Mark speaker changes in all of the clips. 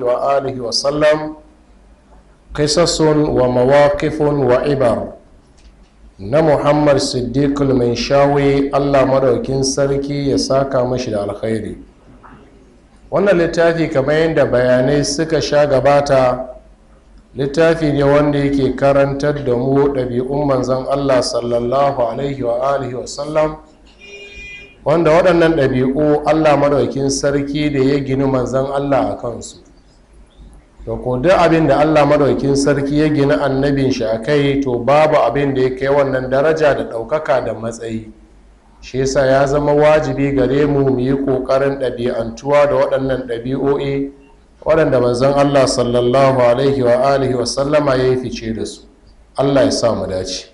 Speaker 1: sallam, وآله wa mawakifun wa وعبر na muhammad siddiqul mai shawai, allah madaukin sarki ya saka mashi da alkhairi wannan littafi kamar yadda bayanai suka sha gabata littafi ne wanda yake karantar da mu ɗabi'un manzan allah sallallahu alaihi wa alihi wa sallam wanda waɗannan ɗabi'u allah madaukin sarki da ya gini manzan allah a kansu da ko duk abin da allah madaukin sarki ya gina annabin shi a kai to babu abin da ya kai wannan daraja da ɗaukaka da matsayi shi yasa ya zama wajibi gare mu mu yi ƙoƙarin ɗabi'antuwa da waɗannan ɗabi'o'i waɗanda manzon allah sallallahu alaihi wa alihi wa sallama ya yi fice da su allah ya sa mu dace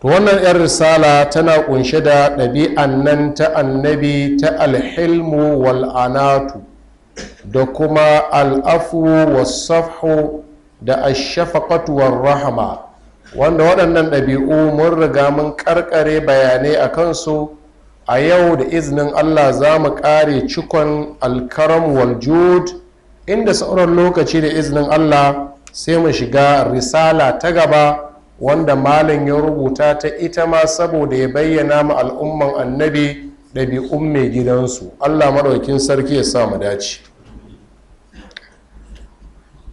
Speaker 1: to wannan 'yan risala tana kunshe da ɗabi'an nan ta annabi ta alhilmu wal'anatu da kuma al'afu wasafhu da ashafaqatu rahama wanda waɗannan ɗabi'u mun riga mun ƙarƙare bayanai a kansu a yau da izinin allah za mu ƙare cikon alkaram waljud inda sauran lokaci da izinin allah sai mu shiga risala ta gaba wanda malin ya rubuta ta ita ma saboda ya bayyana ma al'umman annabi ɗabi'un mai gidansu allah maɗaukin sarki ya sa mu dace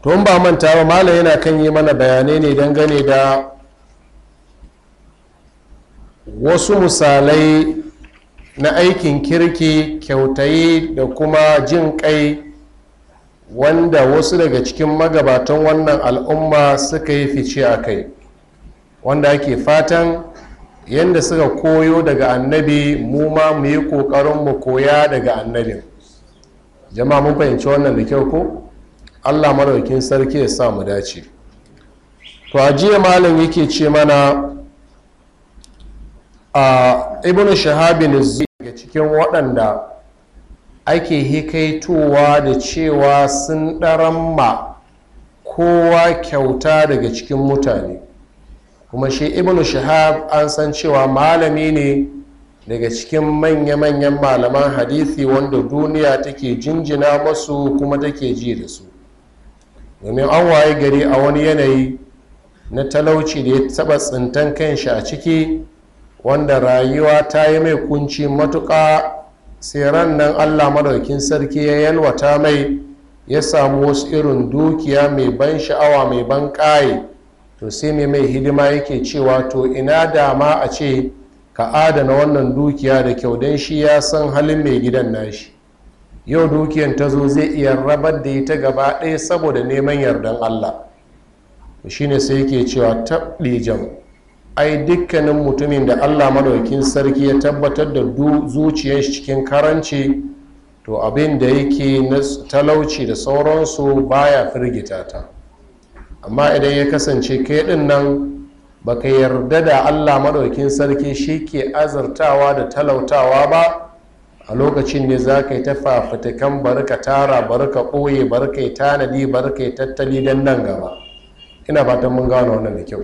Speaker 1: tun ba manta ba malam yana kan yi mana bayanai ne dangane da wasu misalai na aikin kirki kyautayi da kuma jin kai wanda wasu daga cikin magabatan wannan al'umma suka yi fice a kai wanda ake fatan yadda suka koyo daga annabi mu ma mu yi ƙoƙarin mu koya daga annabin jama'a mun fahimci wannan da kyau ko? allah maraukin sarki ya sa mu dace to a jiya malam yake ce mana a ibn shahabin daga cikin waɗanda ake hikaitowa da cewa sun ɗaramma kowa kyauta daga cikin mutane kuma shi ibn shahab an san cewa malami ne daga cikin manya-manyan malaman hadithi wanda duniya take jinjina masu kuma take ji da su domin an waye gari a wani yanayi na talauci da ya taba tsintan kanshi a ciki wanda rayuwa ta yi mai kunci matuƙa tseren nan allah madaukin sarki ya yalwata mai ya samu wasu irin dukiya mai ban sha'awa mai ban ƙaye to sai mai mai hidima yake cewa to ina dama a ce ka adana wannan dukiya da kyau don shi ya san halin mai gidan nashi yau dukiyan ta zo zai iya rabar da ita gaba ɗaya saboda neman yardan allah shi ne sai yake cewa taɓijan ai dukkanin mutumin da allah madaukin sarki ya tabbatar da zuciyar cikin karanci to abin da yake na talauci da sauransu baya firgita ta amma idan ya kasance kai ɗin nan baka yarda da allah maɗaukin sarki shi ke azartawa da talautawa ba a lokacin ne za ka yi ta fafatakan bari tara bari ka ɓoye bari yi tanadi bari yi tattali don nan gaba ina fatan mun gano wannan da kyau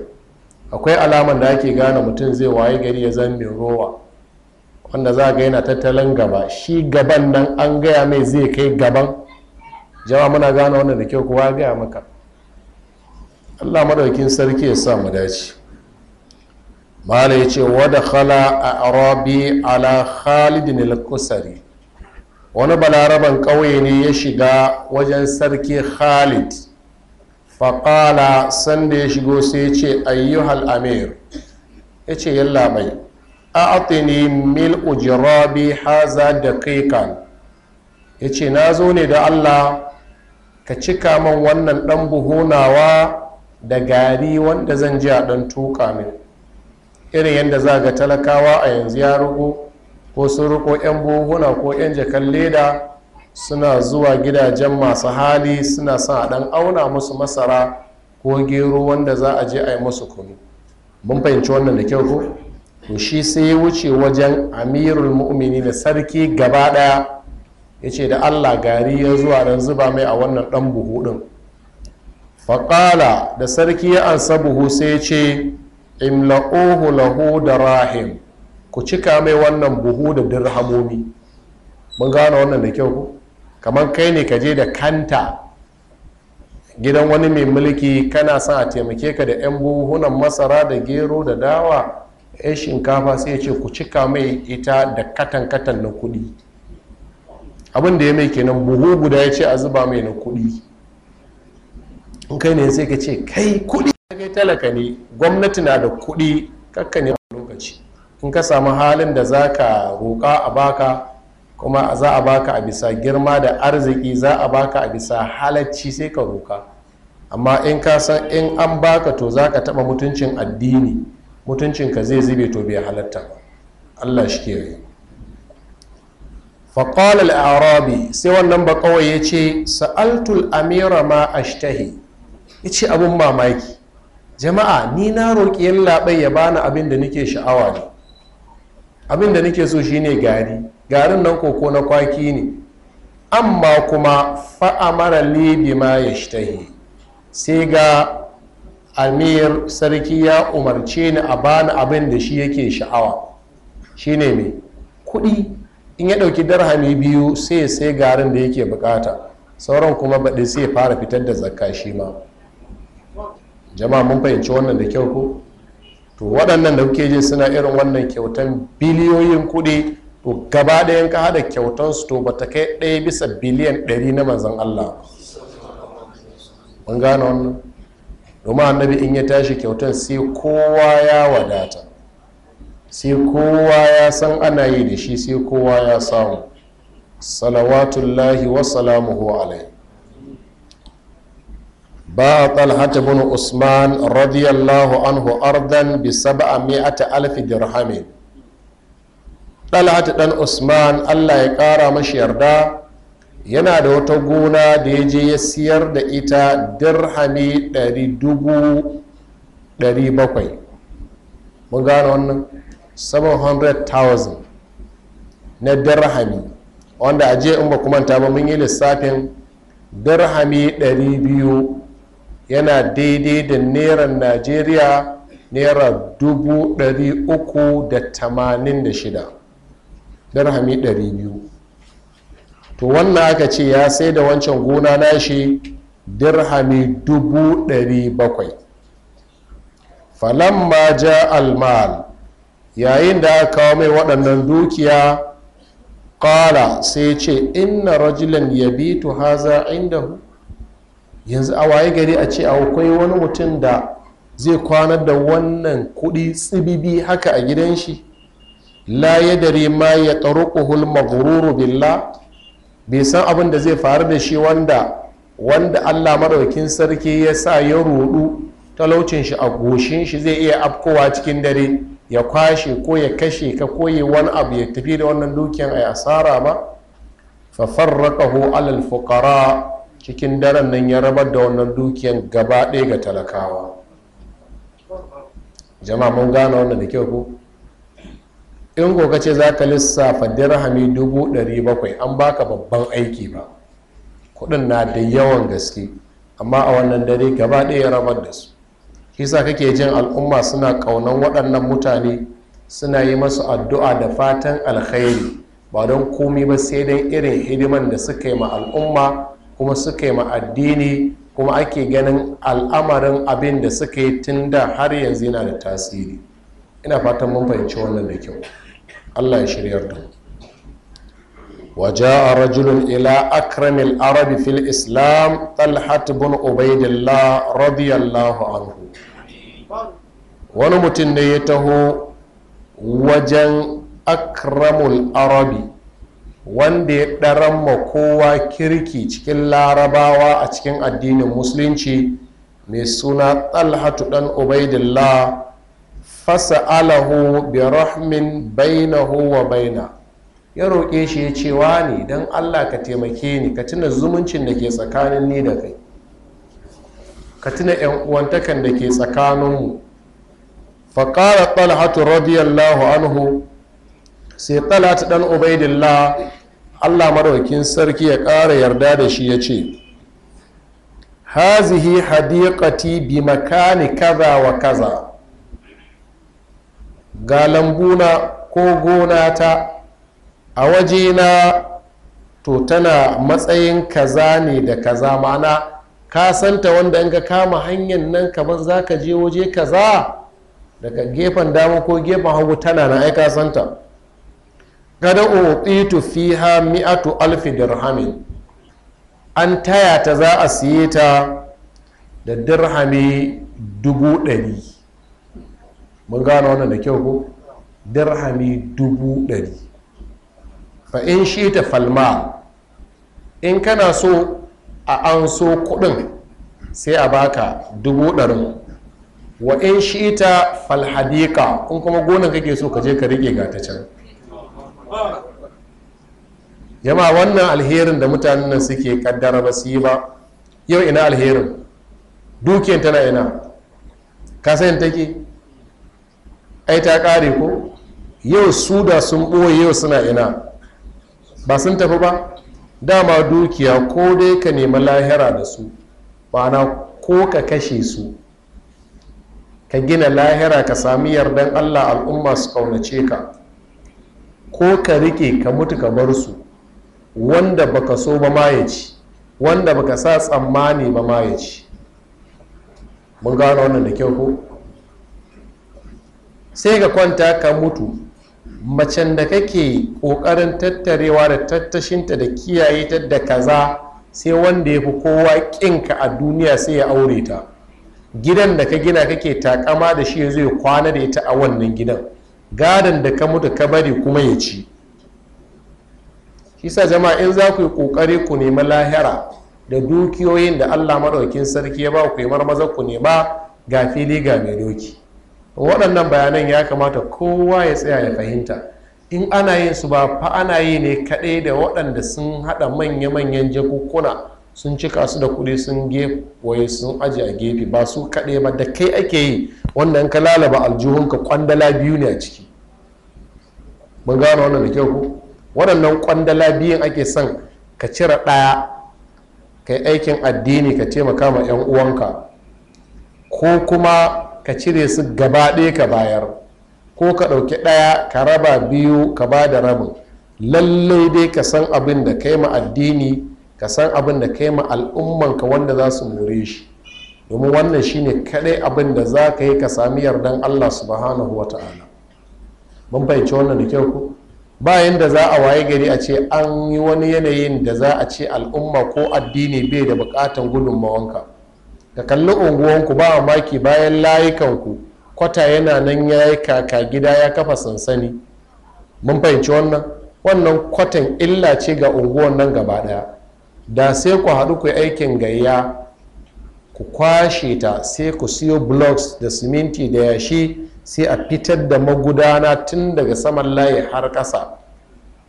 Speaker 2: akwai alamar da ake
Speaker 1: gane mutum zai waye gari ya zan rowa wanda za ga yana tattalin gaba shi gaban nan an gaya mai zai kai gaban jama muna gane wannan da kyau kowa gaya maka allah madaukin sarki ya sa mu dace mala ya ce wada khala a arabi ala khalidin al-kusari wani balaraban ƙauye ne ya shiga wajen sarki khalid faƙala sanda ya shigo sai ya ce ayyuhal amir ya ce yalla bai a atini mil ujirabi haza da kaikan ya ce na zo ne da allah ka cika man wannan ɗan buhunawa da gari wanda zan ji a ɗan tuƙa min irin yadda za ga talakawa a yanzu ya rugu ko sun ruko 'yan buhuna ko 'yan jakan leda suna zuwa gidajen masu hali suna sa a ɗan auna musu masara ko gero wanda za a je a yi musu kunu mun fahimci wannan da kyau ko to shi sai ya wuce wajen amirul mu'mini da sarki gaba ɗaya ya ce da allah gari ya zuwa dan zuba mai a wannan ɗan buhu ɗin faƙala da sarki ya ansa buhu sai ya ce imla'uhu lahu da rahim ku cika mai wannan buhu da dirhamomi mun gane wannan da kyau kamar kai ne ka je da kanta gidan wani mai mulki kana son a taimake ka da 'yan buhunan masara da gero da dawa 'yan shinkafa sai ce ku cika mai ita da katan-katan na kudi abin da ya mai kenan buhu guda ya ce a zuba mai na kudi in kai ne sai ka ce kai kudi kai talaka ne gwamnati na da kuɗi kakka ne lokaci in ka samu halin da za ka roƙa a baka kuma za a baka a bisa girma da arziki za a baka a bisa halacci sai ka roƙa amma in ka san in an baka to za ka taɓa mutuncin addini mutuncinka zai zube to bai halatta ba allah shi ke faƙal al'arabi sai wannan ba kawai ya ce sa'altul amira ma ashtahi ya ce abin mamaki jama'a ni na roƙi yan laɓai ya bani abin da nake sha'awa ne abin da nake so shine gari garin nan koko na kwaki ne amma kuma fa'amara libi ma ya shi sai ga amir sarki ya umarce ni a bani abin da shi yake sha'awa Shi ne mai kuɗi in ya ɗauki darhami biyu sai sai garin da yake bukata sauran kuma baɗi sai fara fitar da zakka shi ma jama'a mun fahimci wannan da kyau ko to waɗannan da kuke ji suna irin wannan kyautan biliyoyin kuɗi to gaba ɗayan ka haɗa su to ba ta kai ɗaya bisa biliyan ɗari na manzan Allah mun gane wannan domin annabi in ya tashi kyautan sai kowa ya wadata sai kowa ya san ana yi da shi sai kowa ya samu salawatullahi wa salamuhu alaihi ba talhata bin usman radiyallahu anhu ardan bi saba mi'ata alfi dirhami talhata dan usman allah ya kara mashi yarda yana da wata gona da ya je ya siyar da ita dirhami ɗari dubu ɗari bakwai mun gano wannan 700,000 na dirhami wanda a je in ba kuma ta ba mun yi lissafin dirhami ɗari biyu yana daidai da neran najeriya naira dubu ɗari uku da tamanin da shida dirhami ɗari biyu to wannan aka ce ya sai da wancan gona nashi dirhami dubu ɗari bakwai falamma ja almal yayin da aka kawo mai waɗannan dukiya ƙala sai ce inna rajulan tu haza indahu yanzu a waye gari a ce akwai wani mutum da zai kwana da wannan kudi tsibibi haka a gidan shi la ya dare ma ya taruquhul magururu billah bai san abin da zai faru da shi wanda wanda Allah maɗaukin sarki ya sa ya rudu talaucin shi a goshin shi zai iya afkowa cikin dare ya kwashe ko ya kashe ka ko wani abu ya tafi da wannan dukiyan a asara ba fa farraqahu alal fuqara cikin daren nan ya rabar da wannan dukiyan gaba ɗaya ga talakawa jama'a mun gane wannan da kyau ko in goga ce za ka lissafa dirhami dubu ɗari bakwai an baka babban aiki ba kuɗin na da yawan gaske amma a wannan dare gaba ɗaya ya rabar da su kisa kake jin al'umma suna ƙaunan waɗannan mutane suna yi masu addu'a da fatan alkhairi ba don komi ba sai don irin hidiman da suka yi ma al'umma kuma suka yi ma'addini kuma ake ganin al'amarin abin da suka yi tun da har yanzu yana da tasiri ina fatan mun fahimci wannan da kyau allah ya shiryar da a rajulun ila akramil arabi fil islam talhat bin ubaidillah radiyallahu anhu wani mutum ne ya taho wajen akramul arabi wanda ya ɗaran ma kowa kirki cikin larabawa a cikin addinin musulunci mai suna talhatu ɗan ubaidillah alahu bi rahmin bainahu wa baina ya roƙe shi ya cewa ne don allah ka taimake ni ka tuna zumuncin da ke tsakanin ni da kai ka tuna 'yan uwantakan da ke tsakaninmu faƙara talhatu radiyallahu anhu sai talhatu ɗan ubaidillah allah madaukin sarki ya ƙara yarda da shi ya ce hazihi hadiqati bi makani kaza wa kaza ga lambuna ko gona ta a waje na to tana matsayin kaza ne da kaza ma'ana ka santa wanda in ka kama hanyar nan kamar za ka je waje kaza daga gefen dama ko gefen hagu tana na aika santa kada utitu fiha mi'atu alfi dirhamin an taya ta za a siye ta da dirhami dubu ɗari mun gano wannan da kyau ko dirhami dubu ɗari fa in shi ta falma in kana so a an so kuɗin sai a baka dubu ɗarin wa in shi ta falhadika in kuma gonan kake so ka je ka riƙe ta can jama wannan alherin da mutanen nan suke kaddara ba su yi ba yau ina alherin dukiyar tana ina kasayin take ai ta kare ko yau su da sun ɓoye yau suna ina ba sun tafi ba dama dukiya ko dai ka nemi lahira da su mana ko ka kashe su ka gina lahira ka sami yardan allah al'umma su kaunace ka ko ka rike ka mutu ka bar su wanda ka so ba ma ya ci wanda baka sa tsammani ba ma ya ci mun gano wannan da kyau ko sai ka kwanta ka mutu macen da kake ƙoƙarin tattarewa da tattashinta da kiyaye ta da kaza sai wanda ya fi kowa ƙinka a duniya sai ya aure ta gidan da ka gina kake takama da shi ya zai kwana da ita a wannan gidan gadon da ka mutu ka bari kuma ya ci Kisa jama'a in za ku yi ƙoƙari ku nemi lahira da dukiyoyin da allah maɗaukin sarki ya ba ku yi marmaza ku nema ga fili ga mai doki waɗannan bayanan ya kamata kowa ya tsaya ya fahimta in ana yin su ba fa ana yi ne kaɗai da waɗanda sun haɗa manya-manyan jakukkuna sun cika su da kuɗi sun gefe sun aji a gefe ba su kaɗai ba da kai ake yi wannan ka lalaba ka kwandala biyu ne a ciki mun gano wannan da kyau waɗannan kwandala biyun ake son ka cire ɗaya ka yi aikin addini ka taimaka ma 'yan uwanka ko kuma ka cire su gaba ɗaya ka bayar ko ka ɗauki ɗaya ka raba biyu ka ba da rabin lallai dai ka san abin da kai ma addini ka san abin da kai ma al'ummanka wanda za su more shi domin wannan shine kadai abin da za ka yi ka sami yardan allah subhanahu wa ta'ala mun fahimci wannan da kyau ku bayan da za a waye gari a ce an yi wani yanayin da za a ce al'umma ko addini bai da bukatan gudunmawanka ka kalli unguwanku ba maki bayan layukanku kwata yana nan ya yi kaka gida ya kafa sansani mun fahimci wannan wannan kwatan illa ce ga unguwan nan gaba daya da sai ku haɗu ku aikin gayya ku kwashe ta sai ku siyo blocks da siminti da yashi sai a fitar da magudana tun daga saman layi har ƙasa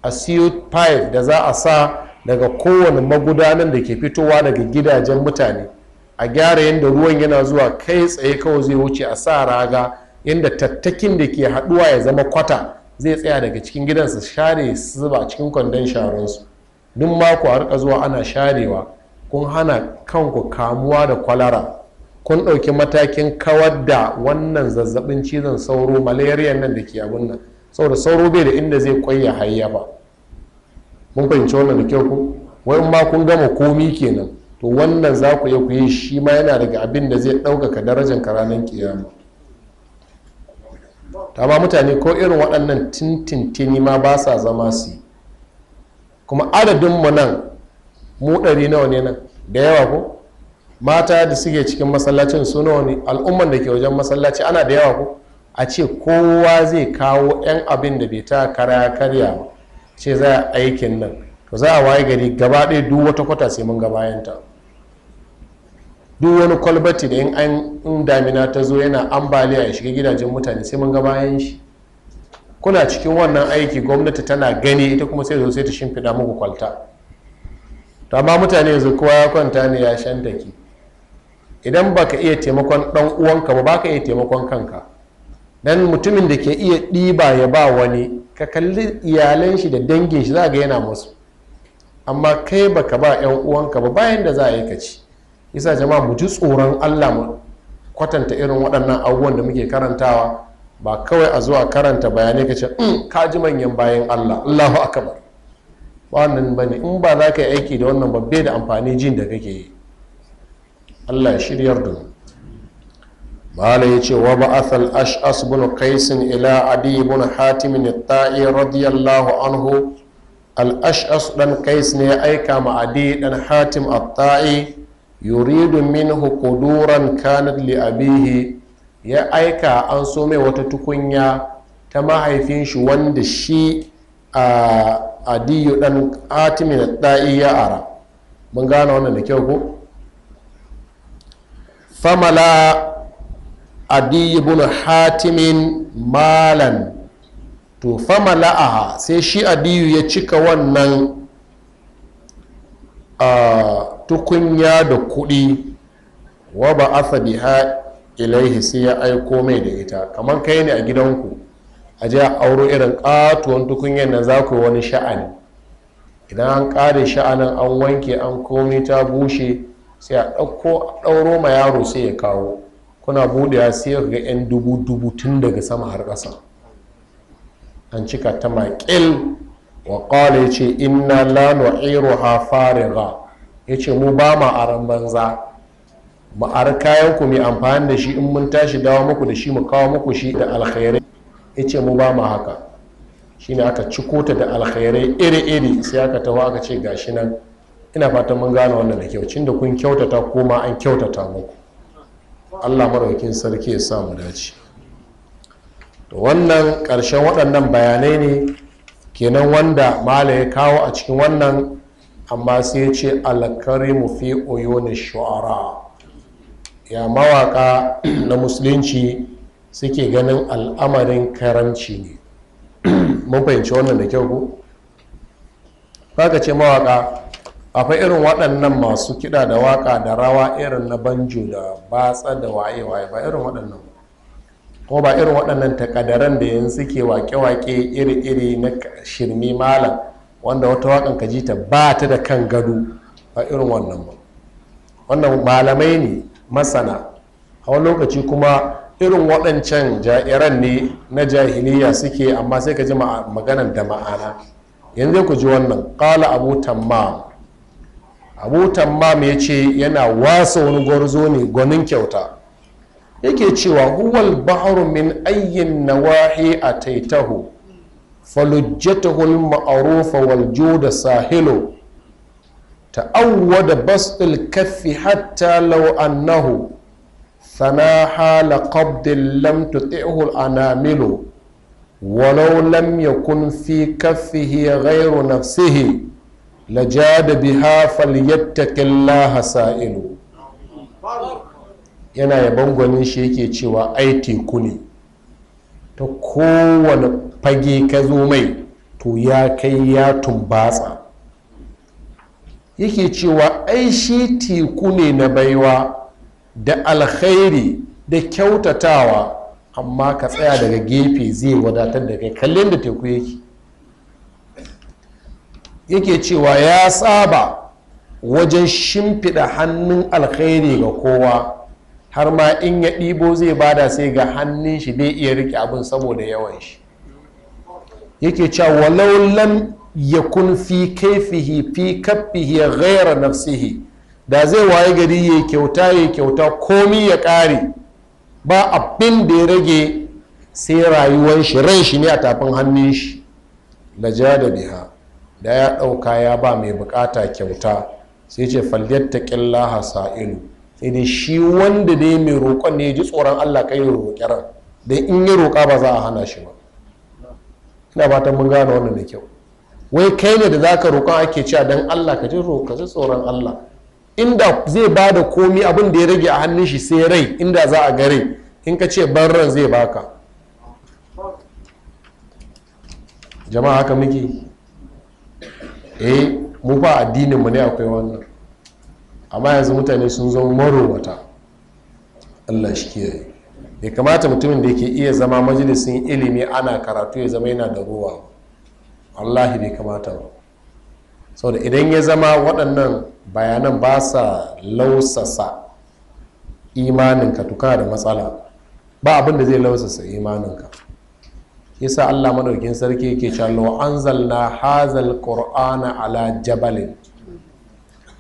Speaker 1: a siyo pipe da za a sa daga kowane magudanan da ke fitowa daga gidajen mutane a gyara yadda ruwan yana zuwa kai tsaye kawai zai wuce a sa raga yadda tattakin da ke haɗuwa ya zama kwata zai tsaya daga cikin su share su zuba cikin kwandon sharansu duk mako a rika zuwa ana sharewa kun hana kanku kamuwa da kwalara kun ɗauki matakin kawar da wannan zazzabin cizon sauro malaria nan da ke abin nan saboda sauro bai da inda zai kwaya hayyafa mun fahimci wannan da kyau ku wai ma kun gama komi kenan to wannan za ku ku yi shi ma yana daga abin da zai ɗaukaka darajar ranar kiyama ta ba mutane ko irin waɗannan tintintini ma ba sa zama su yi kuma adadinmu nan mu ɗari nawa ne nan da yawa ko mata da suke cikin masallacin su nawa ne al'umman da ke wajen masallaci ana da yawa ko a ce kowa zai kawo 'yan abin da bai ta karya karya ba ce za a aikin nan to za a waye gari gaba ɗaya duk wata kwata sai mun gabayanta duk wani kwalbati da in damina ta zo yana ambaliya ya shiga gidajen mutane sai mun gabayan shi kuna cikin wannan aiki gwamnati tana gani ita kuma sai zo sai ta shimfiɗa muku kwalta to amma mutane yanzu kowa ya kwanta ne ya shan daki idan baka iya taimakon dan uwanka ba baka iya taimakon kanka dan mutumin da ke iya ɗiba ya ba wani ka kalli iyalan shi da dangin shi za ga yana musu amma kai baka ba yan uwanka ba bayan da za a yi ka ci yasa jama'a mu ji tsoron Allah mu kwatanta irin waɗannan abubuwan da muke karantawa ba kawai a zuwa karanta bayanai ka ce mm, ka ji manyan bayan allah allahu akbar ba wannan ba ne in ba za ka yi aiki da wannan babbe da amfani jin da kake yi allah shiryar da mu mala ya ce wa ba'athal ash'as bin qaisin ila adi bin hatim at-ta'i radiyallahu anhu al-ash'as dan qais ne ya aika ma adi dan hatim at-ta'i yuridu minhu quduran kanat li abihi ya aika an so mai wata tukunya ta mahaifin shi wanda shi a adiyu dan atimin da'i ya ara mun gane wannan da kyau ko famala adiyu bin hatimin malan to aha sai shi adiyu ya cika wannan tukunya da kuɗi wa ba asabi ilaihi sai ya aiko mai da ita kamar kai ne a gidanku a je auro irin katuwan tukunyar nan za ku yi wani sha'ani idan an kare sha'anin an wanke an komi ta bushe sai a ɗauko ɗauro ma yaro sai ya kawo kuna ya sai ga 'yan dubu dubu tun daga sama har ƙasa an cika ta maƙil wa ƙwale ce inna la nu'iru ha fariga ya ce mu ba ma aran banza ma'ar kayan ku mai amfani da shi in mun tashi dawo muku da shi mu kawo muku shi da alkhairai ya ce mu ba mu haka ne aka ciko ta da alkhairai iri-iri sai aka taho aka ce gashi nan ina fatan mun gane wannan da kyau cin da kun kyautata koma an kyautata muku allah maraukin sarki ya sa mu dace to wannan karshen waɗannan bayanai ne kenan wanda mala ya kawo a cikin wannan amma sai ya ce alkarimu fi oyo ne shu'ara ya mawaka na musulunci suke ganin al'amarin karamci ne mun fahimci wannan da kyau ku ka ce mawaka akwai irin waɗannan masu kiɗa da waka da rawa irin na banjo da batsa da waye-waye ba irin waɗannan ko ba irin waɗannan takadaran da yanzu suke wake-wake iri-iri na shirme malam wanda wata waƙan ka ji ta ba ta da kan gado ba irin wannan ba wannan malamai ne masana a wani lokaci kuma irin waɗancan ja'iran ne na jahiliya suke amma sai ka ji maganan da ma'ana yanzu ku ji wannan ƙala abu tammam abu tammam ya ce yana wasa wani gwarzo ne gwanin kyauta yake cewa huwal ba'aru min ayyin nawahi a taitahu falujjatahu al-ma'rufa wal juda sahilo ta'awwada bastul kafi hatta law a sanaha laqabdin lam tuti'hu anamilu ولو لم يكن في كفه غير نفسه لجاد yadda فليتق الله سائل yana yaban gwanin shi yake cewa ai teku ne ta kowane fage ka zo mai to ya kai ya tumbatsa yake cewa ai shi teku ne na baiwa da alkhairi da kyautatawa amma ka tsaya daga gefe zai wadatar da kai kallon da teku yake yake cewa ya saba wajen shimfiɗa hannun alkhairi ga kowa har ma in ya ɗibo zai bada sai ga hannun shi bai iya rike abin saboda yawan shi yake cewa walau lam yakun fi kaifihi fi kaffihi ghaira nafsihi da zai waye gari ya kyauta ya kyauta komi ya kare ba abin da ya rage sai rayuwan shi ran shi ne a tafin hannun shi laja da biha da ya ɗauka ya ba mai bukata kyauta sai ce kyalla hasa sa'ilu sai dai shi wanda dai mai roƙon ne ji tsoron allah kai roƙi ran da in yi roƙa ba za a hana shi ba ina fatan mun gane wannan da kyau wai kai ne da za ka roƙon ake cewa don allah ka ji roƙa su tsoron allah inda zai ba da komi abin da ya rage a hannun shi sai rai inda za a gare in ka ce ban ran zai baka jama'a haka muke eh mu ba addininmu ne akwai wannan amma yanzu mutane sun zo maro wata allah shi ke ya kamata mutumin da ke iya zama majalisin ilimi ana karatu ya zama yana da ruwa wallahi bai kamata ba saboda idan ya zama waɗannan bayanan ba sa lausasa imaninka tuka da matsala ba abin da zai lausasa imaninka yasa allah maɗaukin sarki yake cewa anzalna hazal qur'ana ala jabalin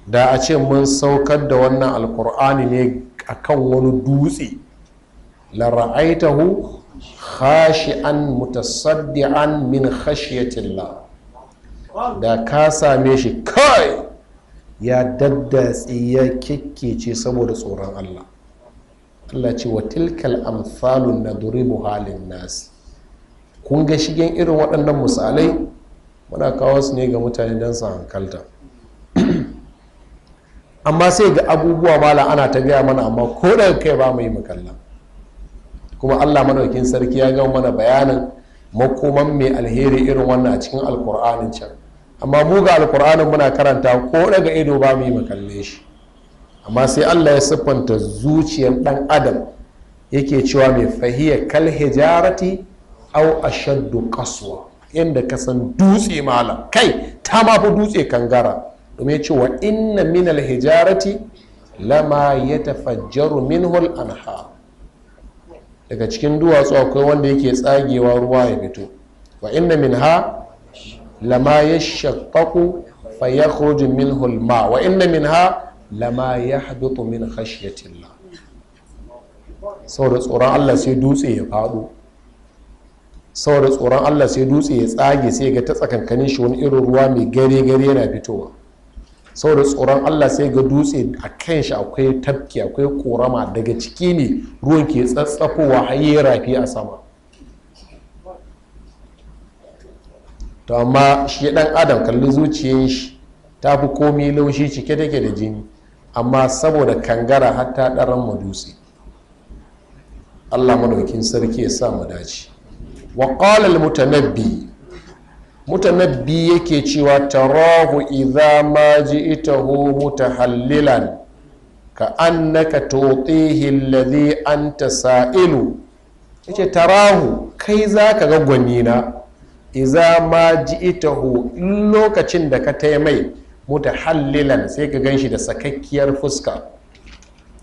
Speaker 1: da a ce mun saukar da wannan alkur'ani ne akan wani dutse lara'aitahu khashi'an mutasaddi'an min khashiyatillah da ka same shi kai ya daddatsi ya kikkece saboda tsoron Allah Allah ce wa tilkal amsalun na duribu halin nasi kun ga shigen irin waɗannan misalai muna kawo su ne ga mutane don su hankalta amma sai ga abubuwa mala ana ta gaya mana amma ko da kai ba mu yi makalla kuma allah madaukin sarki ya gama mana bayanin makoman mai alheri irin wannan a cikin alkur'anin can amma mu ga alkur'anin muna karanta ko daga ido ba mu yi mu kalle shi amma sai allah ya siffanta zuciyar dan adam yake cewa mai fahiyar kal hijarati au ashaddu kaswa inda ka san dutse malam kai ta ma fi dutse kangara domin ya wa inna minal hijarati lama ya tafajjaru minhul anhar daga cikin duwatsu akwai wanda yake tsagewa ruwa ya fito wa inna min ha lama ya shakkaku fa ya min hulma wa inna min ha lama ya habitu min khashyatillah saboda tsoron Allah sai dutse ya faɗo saboda tsoron Allah sai dutse ya tsage sai ga ta tsakankanin shi wani irin ruwa mai gare gare yana fitowa saboda tsoron allah sai ga dutse a kan shi akwai tafki akwai korama daga ciki ne ruwan ke tsatsafowa har rafi a sama to amma shi dan adam kalli zuciyar shi ta fi komi laushi cike take da jini amma saboda kangara hatta ta ɗaran mu dutse allah madaukin sarki ya sa mu dace wa qala al mutanabbi mutanabbi yake cewa tarahu idza ma ji'tahu mutahallilan ka annaka tutihi alladhi anta sa'ilu yace tarahu kai zaka ga gwani na idza ma ji'tahu lokacin da ka taimai mutahallilan sai ka ganshi da sakakkiyar fuska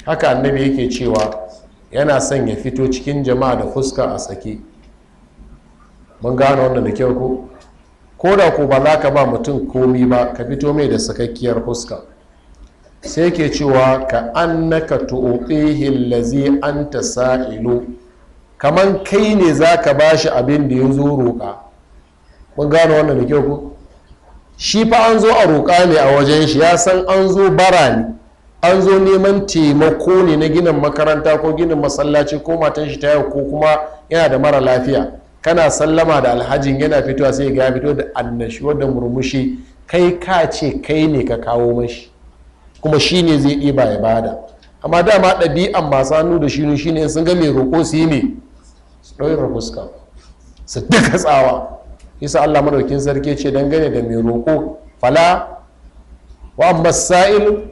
Speaker 1: haka annabi yake cewa yana son ya fito cikin jama'a da fuska a sake mun gane wannan da kyau ko ko da ko ba za ka ba mutum komi ba ka fito mai da sakakkiyar fuska sai ke cewa ka annaka tu'tihi an anta sa'ilu Kamar kai ne za ka ba shi abin da ya zo roƙa mun gano wannan da kyau ku shi fa an zo a roƙa ne a wajen shi ya san an zo bara ne an zo neman taimako ne na ginin makaranta ko ginin masallaci ko matan shi ta yau ko kuma yana da mara lafiya kana sallama da alhajin yana fitowa sai ga fito da annashuwar da murmushi kai ka ce kai ne ka kawo mashi kuma shi ne zai ɗiba ya bada amma dama ɗabi'an masu hannu da shinu shi ne sun ga mai roƙo su yi ne su ɗaura fuska su duka tsawa isa allah madaukin sarki ce dangane da mai roƙo fala wa masa'il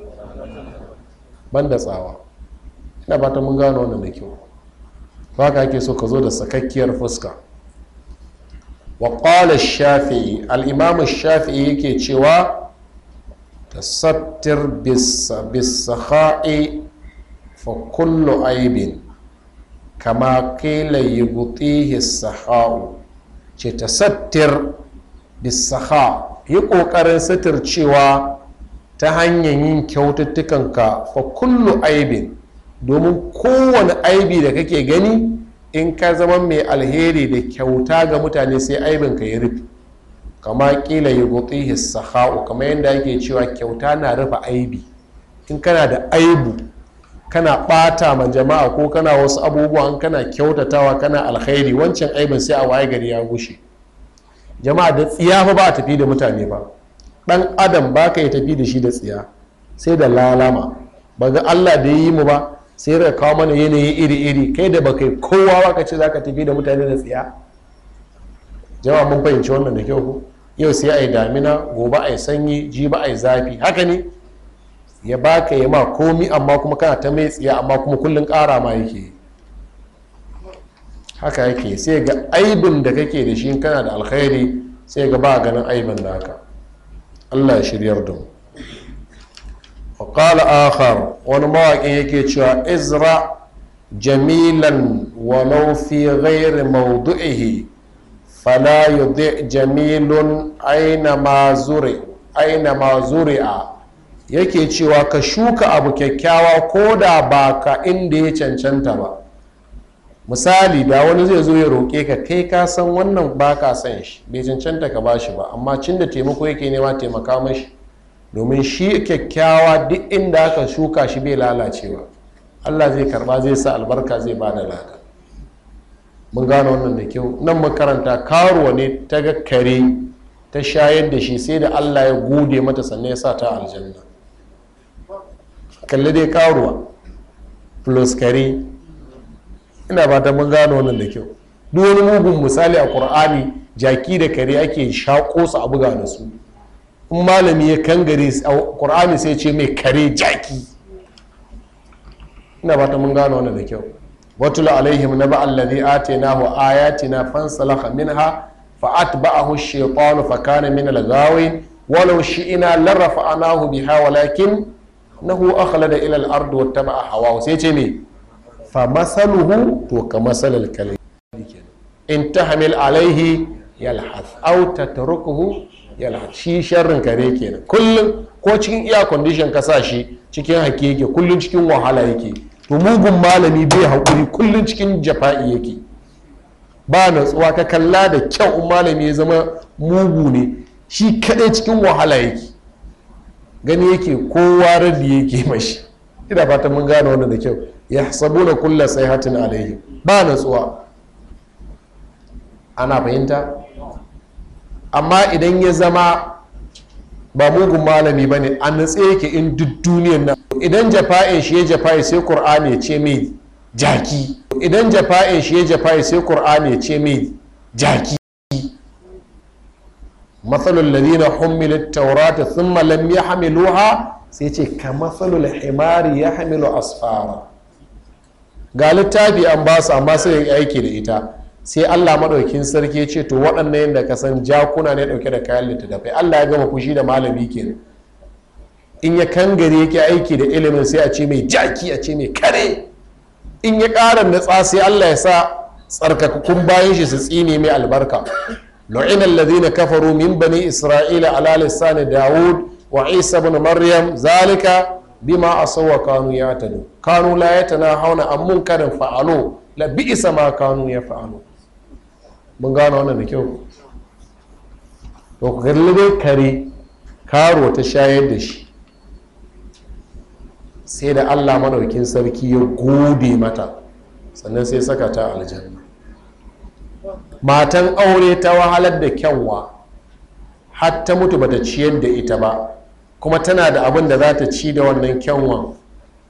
Speaker 1: ban da tsawa ina ba ta mun gano wannan da kyau ba ka ake so ka zo da sakakkiyar fuska wa ƙwale shafi'i al'imamu shafi'i yake cewa ta sattir bisakha'i fa kullu aibin kama kila yubtihi sakha'u ce ta sattir bisakha yi ƙoƙarin satircewa ta hanyar yin kyaututtukanka fa kullu aibin domin kowane aibi da kake gani in ka zama mai alheri da kyauta ga mutane sai aibin ka ya rufe kama kila yi gotsi hissaha'u kama yadda ake cewa kyauta na rufe aibi in kana da aibu kana ɓata ma jama'a ko kana wasu abubuwan kana kyautatawa kana alheri. wancan aibin sai a waye gari ya gushe jama'a da tsiya fa ba a tafi da mutane ba ɗan adam ba ka yi tafi da shi da tsiya sai da lalama ba ga allah da ya yi mu ba sai da kawo mana yanayi iri-iri kai da baka kowa ba ka ce za ka tafi da mutane da tsiya jama mun fahimci wannan da kyau yau sai a damina gobe a sanyi ji ba a zafi haka ne ya baka ya ma komi amma kuma kana ta mai tsiya amma kuma kullum ƙara ma yake haka yake sai ga aibin da kake da shi kana da alkhairi sai ga ba ganin aibin da haka allah ya shiryar da mu wa akhar wani mawaƙin yake cewa izra jamilan walau fi ghairi mawdu'ihi fala yudhi jamilun aina ma zuri aina ma zuri'a yake cewa ka shuka abu kyakkyawa ko da ba ka inda ya cancanta ba misali da wani zai zo ya roƙe ka kai ka san wannan ba ka san shi bai cancanta ka ba shi ba amma cin da taimako yake nema taimaka mashi domin shi kyakkyawa duk inda aka shuka shi bai lalacewa allah zai karba zai sa albarka zai ba da lada mun gano wannan da kyau nan makaranta karuwa ne ta ga kare ta shayar da shi sai da allah ya gode mata sannan ya sa ta aljanna kalli dai karuwa plus kare ina ba ta mun gano wannan da kyau duk wani mugun misali a ƙur'ani jaki da kare ake shaƙo su a buga da su in malami ya kangare ƙur'ani sai ce mai kare jaki ina ba ta mun gano wani da kyau wata la'alaihim na ba allazi min ha fansalakha minha fa atba'ahu shaytanu fa kana min al ina larrafa shi'ina larrafa'nahu biha walakin nahu da ilal ardu wata ba a hawa sai ce me fa masaluhu to ka masalal In in hamil alaihi auta ta tatrukuhu yana shi sharrin kare kenan kullum ko cikin iya kondishin ka cikin hake yake kullum cikin wahala yake to mugun malami bai haƙuri kullum cikin jafa'i yake ba natsuwa ka kalla da kyau in malami ya zama mugu ne shi kaɗai cikin wahala yake gani yake kowa da yake mashi ina fatan mun gane wannan da kyau ya sabu da kullum sai hatin alaihi ba natsuwa ana fahimta amma idan ya zama ba mugun malami ba ne a natse yake in duk duniyar nan idan jafa'in shi ya jafa'i sai qur'ani ya ce mai jaki idan jafa'in shi ya jafa'i sai qur'ani ya ce mai jaki matsalul ladina hummilat taurata thumma lam yahmiluha sai ce ka matsalul himari yahmilu asfara ga littafi an ba su amma sai aiki da ita sai allah maɗaukin sarki ya ce to waɗannan yadda ka san jakuna ne ɗauke da kayan littattafai allah ya gama fushi da malami ke in ya kangare yake aiki da ilimin sai a ce mai jaki a ce mai kare in ya ƙara natsa sai allah ya sa tsarkakakun bayan shi su tsine mai albarka Isra'ila لعن Dawud, wa Isa بني Maryam, Zalika bima a sauwa kanu ya ذلك Kanu عصوا وكانوا يعتدون كانوا لا يتناهون عن منكر isa ma kanu ya يفعلون mun gano wannan da kyau to ku dai kare karo ta shayar da shi sai da allah madaukin sarki ya gode mata sannan sai saka ta aljanna matan aure ta wahalar da kyanwa har ta mutu bata ciyar da ita ba kuma tana da abin da za ta ci da wannan kyanwan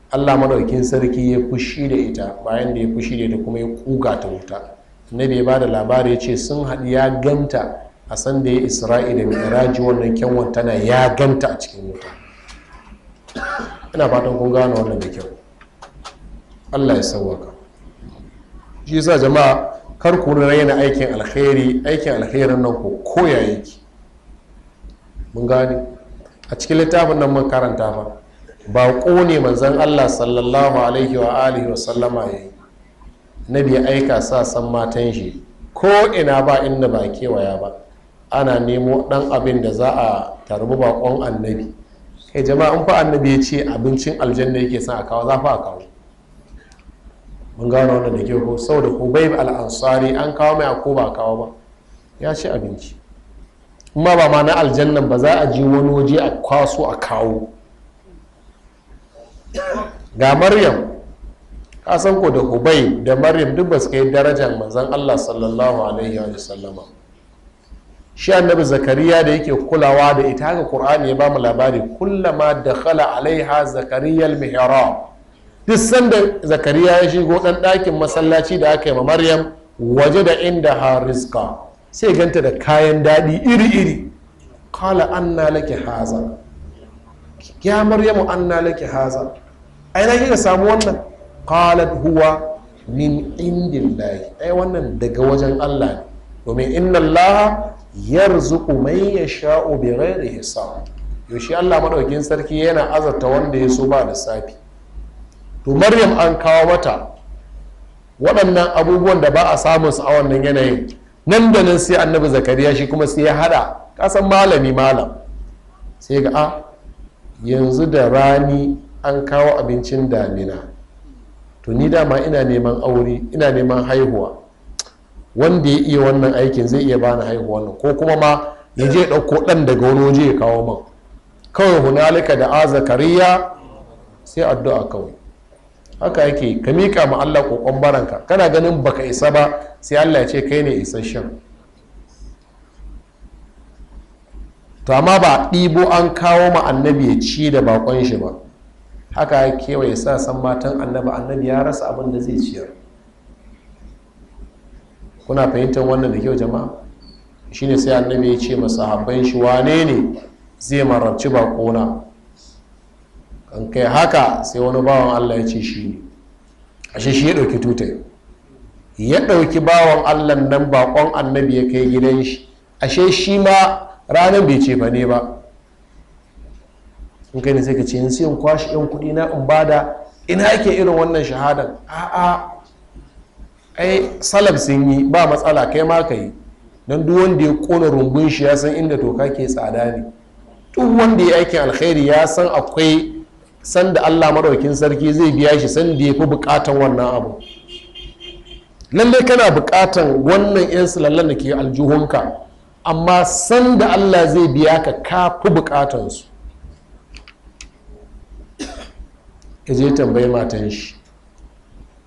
Speaker 1: allah madaukin sarki ya fushi da ita bayan da ya fushi da ita kuma ya kuga ta wuta annabi ya ba da labari ya ce sun haɗu ya ganta a sanda ya isra'i da mi'raji wannan kyanwan tana ya ganta a cikin wuta ina fatan kun gane wannan da kyau allah ya sauwaka shi sa jama'a kar ku raina aikin alkhairi aikin alkhairin nan ku koya yake mun gane a cikin littafin nan mun karanta fa ba ne manzon allah sallallahu alaihi wa alihi wa sallama ya yi nabi aika sa san matan shi ko ina ba inda ba kewaya ba ana nemo dan abin da za a tarbi bakon annabi kai jama'a in fa annabi ya ce abincin aljanna yake son a kawo za fa a kawo mun gano wannan da ke ko saboda ko bai al'ansari an kawo mai ko ba kawo ba ya ci abinci amma ba ma na aljannan ba za a ji wani waje a kwaso a kawo ga maryam kasan san ko da hubai da maryam duk ba su kai darajar manzon allah sallallahu alaihi wa sallama shi annabi zakariya da yake kulawa da ita haka qur'ani ya ba mu labari kullama khala alaiha zakariya al-mihrab duk sanda zakariya ya shigo dan ɗakin masallaci da aka yi ma maryam waje da inda ha rizqa sai ganta da kayan daɗi iri-iri kala anna laki haza ya maryamu anna laki haza ai na kika samu wannan qalat huwa min indillahi ai wannan daga wajen Allah ne domin inna Allah yarzuqu man yasha'u bighairi hisab yaushe Allah madaukin sarki yana azarta wanda ya so ba da lissafi to Maryam an kawo mata waɗannan abubuwan da ba a samun su a wannan yanayin nan da nan sai annabi zakariya shi kuma sai ya hada kasan malami malam sai ga a ah, yanzu da rani an kawo abincin damina to ni dama ina neman aure ina neman haihuwa wanda ya iya wannan aikin zai iya bani haihuwa nan ko kuma ma ya je ɗauko ɗan daga wani waje ya kawo man kawai hunalika da azakariya sai addu'a kawai haka yake ka miƙa ma Allah kokon baranka kana ganin baka isa ba sai Allah ya ce kai ne isasshen to amma ba ɗibo an kawo ma annabi ya ci da bakon shi ba haka kewaye sa san matan annabi annabi ya rasa abin da zai ciyar kuna fahimtar wannan da kyau jama'a shine sai annabi ya ce masahabban shi wane ne zai marabci bakona kan kai haka sai wani bawan allah ya ce shi ne ashe shi ya ɗauki tutai ya ɗauki bawan allah nan bakon annabi ya kai gidan shi ashe shi ma ranar bai ce fa ne ba in kai ne sai ka ce yanzu in kwashi yan kuɗi na in bada ina ake irin wannan shahadan a'a ai salaf sun yi ba matsala kai ma ka yi don duk wanda ya kona rumbun shi ya san inda toka ke tsada ne duk wanda ya aikin alkhairi ya san akwai sanda allah maɗaukin sarki zai biya shi sanda ya fi buƙatan wannan abu lallai kana bukatan wannan 'yan sulallan da ke aljihunka amma sanda allah zai biya ka ka fi buƙatansu ya je tambayi matan shi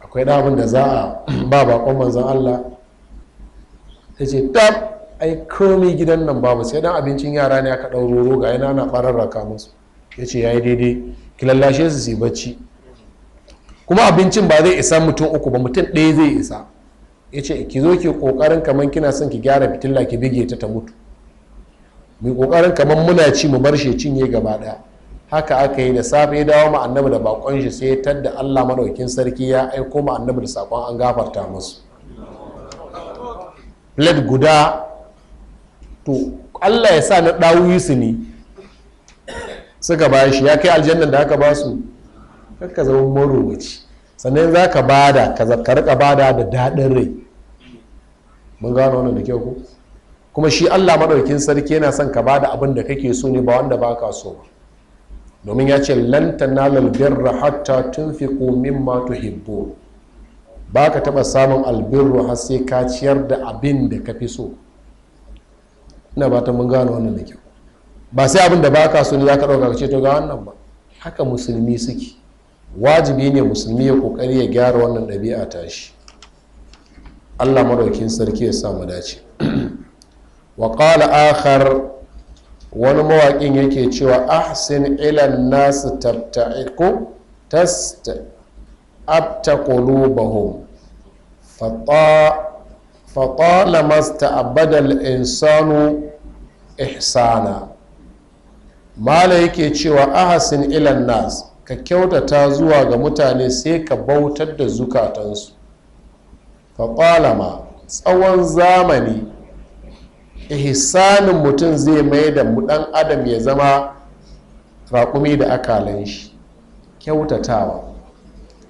Speaker 1: akwai ɗabin da za a ba bakon manzan allah ya ce tab ai komi gidan nan babu sai dan abincin yara ne aka ɗau roro ga yana na ɓararraka musu ya ce ya yi daidai ki lallashe su su bacci kuma abincin ba zai isa mutum uku ba mutum ɗaya zai isa ya ce ki zo ki ƙoƙarin kamar kina son ki gyara fitila ki bige ta ta mutu mai ƙoƙarin kamar muna ci mu bar shi cinye gaba ɗaya haka aka yi da safe ya dawo ma annabi da bakon shi sai tadda Allah madaukin sarki ya aiko ma annabi da sakon an gafarta musu plate guda to Allah ya sa na dawo su ne suka ba shi ya kai aljannan da aka ba su ka zama marowaci sannan za ka bada ka rika bada da daɗin rai mun gano wannan da kyau ku kuma shi Allah maɗaukin sarki yana son ka bada abin da kake so ne ba wanda baka so ba domin ya ce lanta na lalbirra hatta komin matu hibbo ba ka taɓa samun albirru har sai ka ciyar da abin da ka fi so ina ba ta mun gano wannan da kyau ba sai abin da ba ka so ne za ka ɗauka ka ce to ga wannan ba haka musulmi suke wajibi ne musulmi ya kokari ya gyara wannan ɗabi'a ta shi allah maɗaukin sarki ya samu dace wa ƙala wani mawaƙin yake cewa ahsin ilan nasu tabta'iku tasta abta qulubahum fatala ta'abbada al-insanu ihsana mala yake cewa ahsin ilan nas ka kyautata zuwa ga mutane sai ka bautar da zukatansu fatalama tsawon zamani ihsanin mutum zai mai da dan adam ya zama raƙumi da akalan shi kyautatawa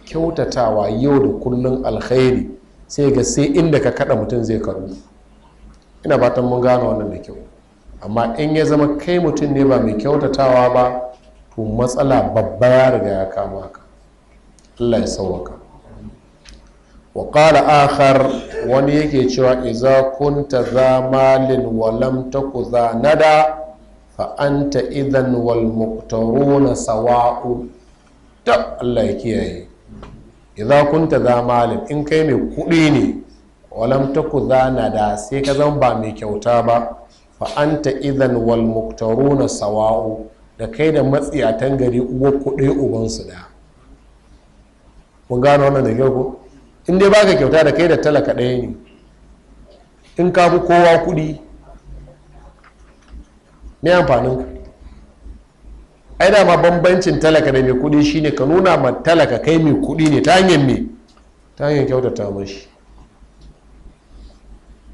Speaker 1: kyautatawa yau da kullun alkhairi sai ga sai inda ka kada mutum zai karu ina fatan mun gano wannan da kyau amma in ya zama kai mutum ne ba mai kyautatawa ba to matsala babba ya riga ya kama ka allah ya sauwaka wa ƙala akhar wani yake cewa iza ta za malin walam ku za nada fa fa'anta idan wal na sawa'u ta Allah ya kiyaye iza ta za malin in kai mai kuɗi ne walam ku za nada sai ka zan ba mai kyauta ba Fa'anta idan wal na sawa'u da kai da matsiya tangari uwa kuɗi ubansu da kun gano wannan da kyau in dai baka kyauta da kai da talaka ɗaya ne in ka fi kowa kuɗi me amfanin ka ai ma bambancin talaka da mai kuɗi shine ka nuna ma talaka kai mai kuɗi ne ta hanyar me ta hanyar kyautata mashi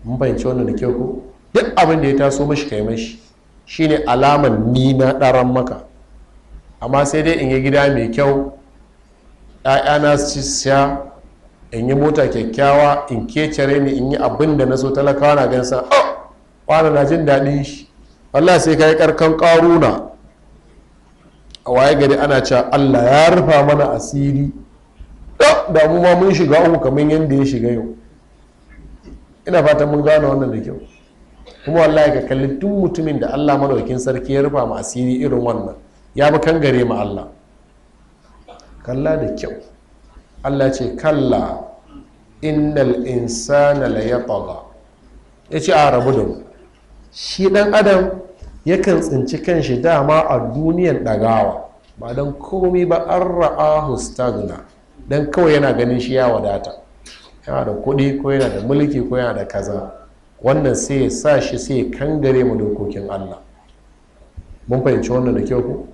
Speaker 1: mun fahimci wannan da kyau ku duk abin da ya taso mashi kai mashi shine alaman ni na ɗaran maka amma sai dai in yi gida mai kyau ‘ya'yana su ci siya in yi mota kyakkyawa in kecere ni in yi abin da na so talakawa na gansa, sa oh wani na jin daɗi shi allah sai ka yi ƙarkan ƙaruna a waye gari ana cewa allah ya rufa mana asiri oh, da mu ma mun shiga uku kamar yadda ya shiga yau ina fatan mun gane wannan da kyau kuma wallahi ka kalli duk mutumin da allah madaukin sarki ya rufa ma asiri irin wannan ya bi kan gare ma allah kalla da kyau allah ce kalla innal insana la yatagha ya ce a rabu da mu shi dan adam yakan tsinci kan shi dama a duniyan ɗagawa ba don komai ba an ra'ahu stagna don kawai yana ganin shi ya wadata yana da kuɗi ko yana da mulki ko yana da kaza wannan sai ya sa shi sai ya kangare mu dokokin allah mun fahimci wannan da kyau ku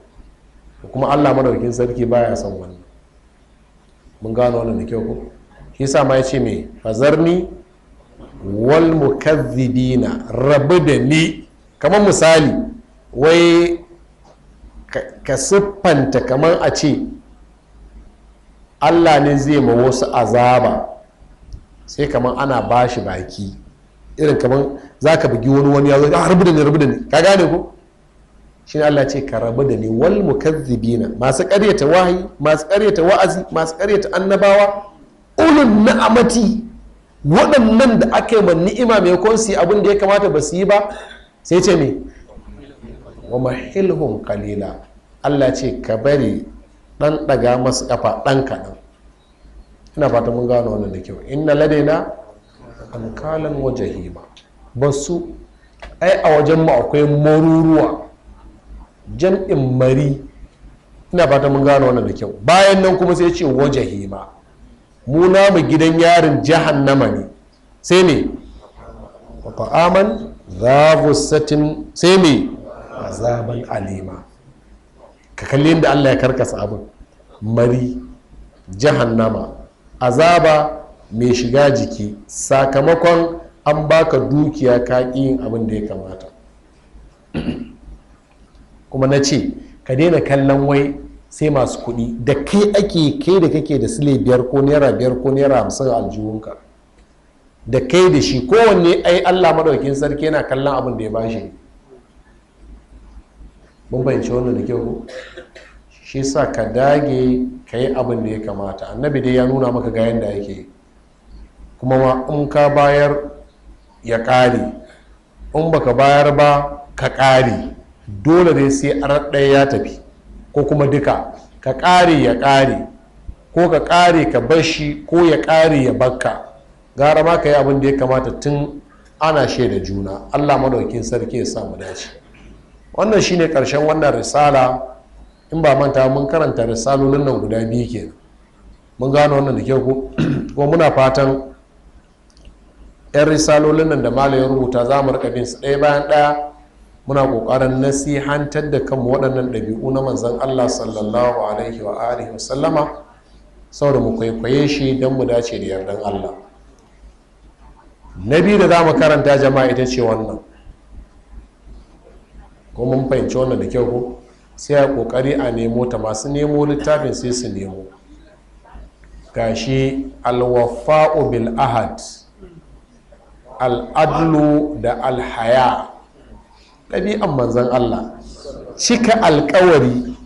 Speaker 1: kuma allah madaukin sarki baya son wannan mun gano wannan da kyau ko shi sa ma ya ce me fazarni wal mukazzibina rabu da ni kamar misali wai ka siffanta kamar a ce allah ne zai ma wasu azaba sai kamar ana bashi baki irin kamar za ka bugi wani wani ya zo a ah, rabu da ni rabu da ni ka gane ko shine Allah ce ka rabu da ni wal mukazzibina masu karyata wahayi masu karyata wa'azi masu karyata annabawa ulun na'amati waɗannan da aka yi ni'ima mai kon su abin da ya kamata ba su yi ba sai ce me wa mahilhum qalila Allah ce ka bari dan daga masu kafa ɗan kaɗan ina fata mun gano wannan da kyau inna ladaina ankalan wa ba basu ai a wajen mu akwai maruruwa jam'in mari ina fata mun gano wannan da kyau bayan nan kuma sai ce waje hima mu namu gidan yarin jahannama ne sai me wa ta'aman satin sai me azaban alima ka kalli yadda Allah ya karkasa abin mari jahannama azaba mai shiga jiki sakamakon an baka dukiya ka yin abin da ya kamata kuma na ce ka daina kallon wai sai masu kuɗi da kai ake kai da kake da sile biyar ko naira biyar ko naira hamsin a aljihunka da kai da shi kowanne ai allah madaukin sarki yana kallon abin da ya shi. mun fahimci wannan da kyau shi sa ka dage ka yi abin da ya kamata annabi dai ya nuna maka ga yadda yake kuma ma in ka bayar ya ƙare in baka bayar ba ka ƙare dole ne sai a ɗaya ya tafi ko kuma duka ka ƙare ya ƙare ko ka ƙare ka bar shi ko ya ƙare ya bakka gara ma ka yi abin da ya kamata tun ana shaida juna allah madaukin sarki ya samu dace wannan shine ƙarshen wannan risala in ba manta mun karanta risalolin nan guda biyu kenan mun gano wannan da kyau ko muna fatan 'yan risalolin nan da malayin ya rubuta za mu rika bin su ɗaya bayan ɗaya muna ƙoƙarin nasihantar da kanmu waɗannan ɗabi'u na manzan allah sallallahu alaihi wa alihi wasallama saboda mu kwaikwaye shi don mu dace da yardan allah na da za mu karanta jama'a ita ce wannan ko mun fahimci wannan da kyau ko sai a ƙoƙari a nemo ta masu nemo littafin sai su nemo gashi alwafa'u bil ahad al'adlu da alhaya ɗabi'an manzan Allah cika alkawari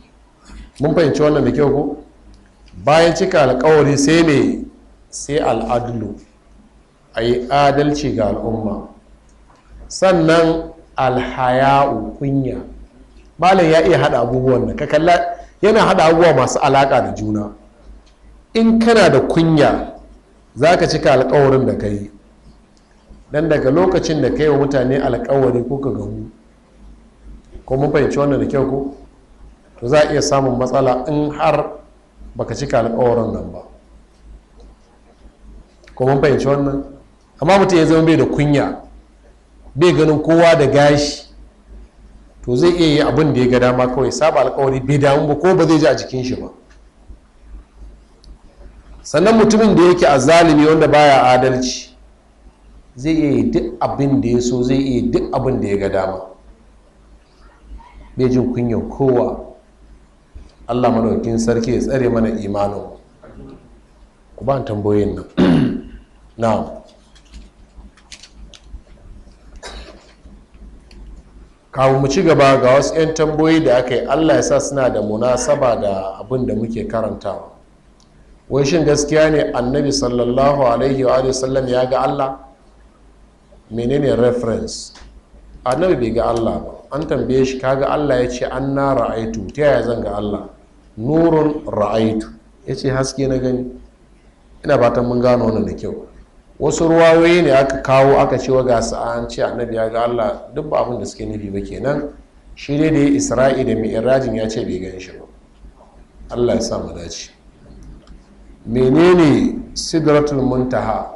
Speaker 1: mun fahimci wannan da kyau ko bayan cika alkawari sai ne sai al'adlu a yi adalci ga al'umma sannan alhaya'u kunya malam ya iya haɗa abubuwan da, ka kalla yana haɗa abubuwa masu alaƙa da juna in kana da kunya za ka cika alkawarin da ka yi dan daga lokacin da ka yi wa mutane alkawari ko ka gamu ko mun fahimci wannan da kyau ko to za a iya samun matsala in har baka cika alkawarin nan ba ko mun fahimci wannan amma mutum ya zama bai da kunya bai ganin kowa da gashi to zai iya yi abin da ya ga dama kawai saba alkawari bai damu ba ko ba zai ji a jikin shi ba sannan mutumin da yake a zalimi wanda baya adalci zai iya yi duk abin da ya so zai iya duk abin da ya ga dama bai jin kunyar kowa allah madaukin sarki ya tsare mana imanin ku ba tamboyin nan na kawo mu ci gaba ga wasu 'yan tamboyi da aka yi allah ya sa suna da munasaba da abin da muke karantawa wai shin gaskiya ne annabi sallallahu alaihi wa sallam ya ga allah menene reference annabi bai ga allah ba an tambaye shi kaga allah ya ce an na ra'aitu ta yaya zan ga allah nurun ra'aitu ya ce haske na gani ina fatan mun gano wannan da kyau wasu ruwayoyi ne aka kawo aka cewa ga sa'an ce annabi ya ga allah duk ba abin da suke nufi ba kenan shi ne da ya isra'i da irajin ya ce bai gan shi ba allah ya sa mu dace menene sidratul muntaha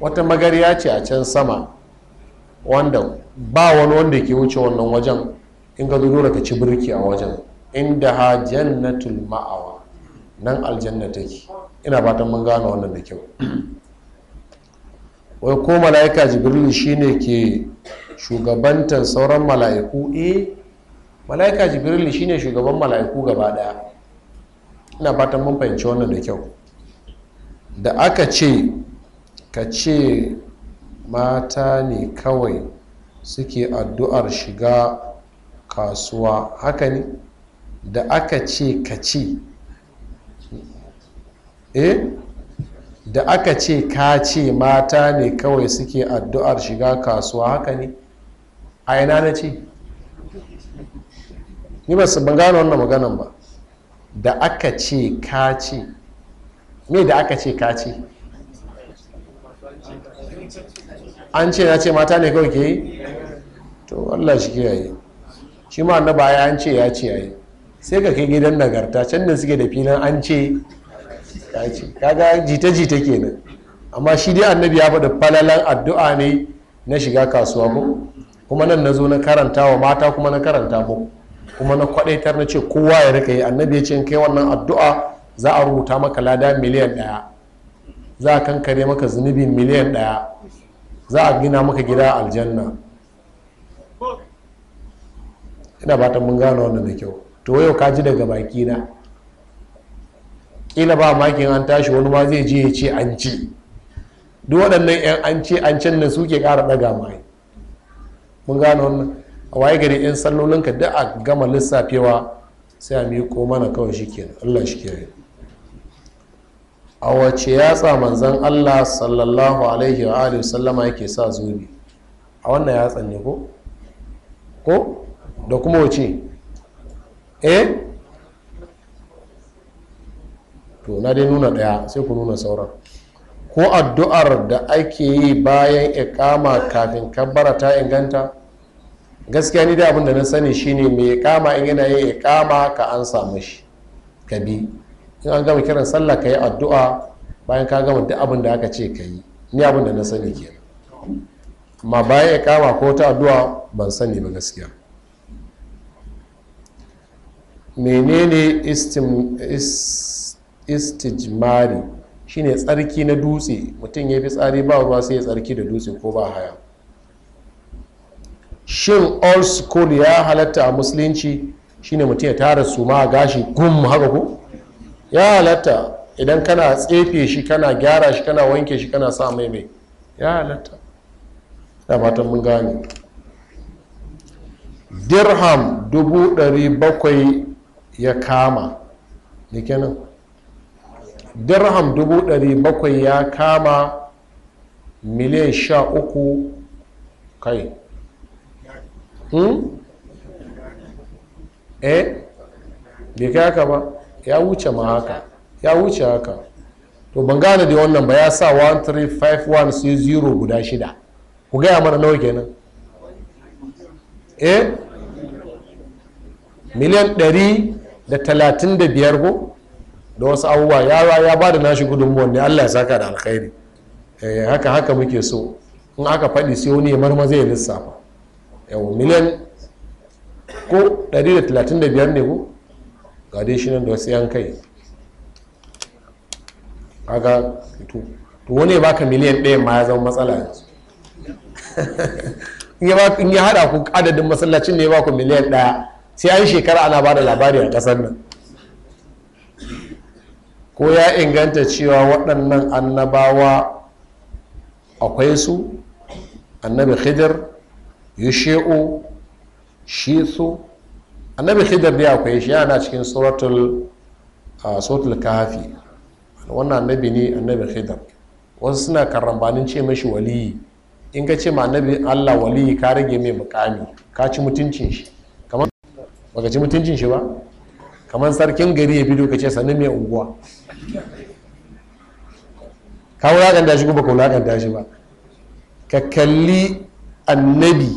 Speaker 1: wata magariya ce a can sama wanda ba wani wanda ke wuce wannan wajen in ka zo dole ka ci birki a wajen inda ha jannatul ma'awa nan aljanna take ina fatan mun gane wannan da kyau wai ko mala'ika jibril shine ke shugabantar sauran mala'iku eh mala'ika jibril shine shugaban mala'iku gaba daya ina fatan mun fahimci wannan da kyau da aka ce ka ce mata ne kawai suke addu'ar shiga kasuwa haka ne da aka ce ka ce eh da aka ce ka ce mata ne kawai suke addu'ar shiga kasuwa haka ne a ina na ce ni ba su gano wannan maganan ba da aka ce ka ce me da aka ce ka ce an ce ya ce mata ne kawai ke yi to wallah shi yi shi ma na baya an ce ya ce yayi sai ka kai gidan nagarta can da suke da filin an ce ya ce kaga jita-jita kenan amma shi dai annabi ya faɗi falalan addu'a ne na shiga kasuwa ko kuma nan na zo na karanta wa mata kuma na karanta ko kuma na kwadaitar na ce kowa ya rika yi annabi ya ce kai wannan addu'a za a rubuta maka lada miliyan ɗaya za a kankare maka zunubi miliyan ɗaya za a gina maka gida aljanna ina ba ta mun gano wannan da kyau to yau ka ji daga baki na kila ba makin an tashi wani ma zai je ya ce an ce duk waɗannan 'yan an ce an can nan suke ƙara ɗaga mai mun gano wannan a waye gari 'yan sallolinka duk a gama lissafewa sai a miƙo mana kawai shi kenan allah shi kenan a wace yatsa manzan allah sallallahu alaihi wa alihi sallama yake sa zobe a wannan yatsan ne ko ko da kuma wace eh to na dai nuna daya sai ku nuna sauran ko addu'ar da ake yi bayan ikama kafin kabbara ta inganta gaskiya ni da abin da na sani shine mai ikama in yana yin ikama ka an samu shi ka bi in an gama kiran sallah ka yi addu'a bayan ka gama duk abin da aka ce ka yi ni abin da na sani ke amma bayan ya kama ko ta addu'a ban sani ba gaskiya menene istijmari shine tsarki na dutse mutum ya fi tsari ba ruwa sai ya tsarki da dutse ko ba haya shin old school ya halatta a musulunci shine mutum ya tara su ma gashi gum haka ko ya halatta idan kana tsefe shi kana gyara shi kana wanke shi kana sa mai mai ya halatta da fatan mun gane dirham dubu ɗari bakwai ya kama da kenan dirham dubu ɗari bakwai ya kama miliyan sha uku kai hmm? eh bai kai haka ba ya wuce ma haka ya wuce haka to ban gane da wannan ba ya sa 1351 sai zero guda shida ku gaya mana nawa kenan eh miliyan 135 ko da wasu abubuwa ya ba da nashi gudunmuwan ne allah ya saka da alkhairi eh, haka haka muke so in aka faɗi sai wani ya marmaza ya lissafa yau miliyan ko 135 ne ko ga dai shi nan da wasu yan kai kaga to wani ya baka miliyan ɗaya ma ya zama matsala in ya haɗa ku adadin masallacin ne ya baku miliyan ɗaya sai an shekara ana ba da labari a ƙasar nan ko ya inganta cewa waɗannan annabawa akwai su annabi khidir yushe'u shisu annabi khidar dai akwai shi yana cikin suratul suratul kafi wannan annabi ne annabi khidar wasu suna karambanin ce mashi waliyi in ka ce ma annabi allah waliyi ka rage mai mukami ka ci mutuncin shi kamar baka ci mutuncin shi ba kamar sarkin gari ya bido ka ce sannu mai unguwa ka wulaƙanta shi ko baka wulaƙanta shi ba ka kalli annabi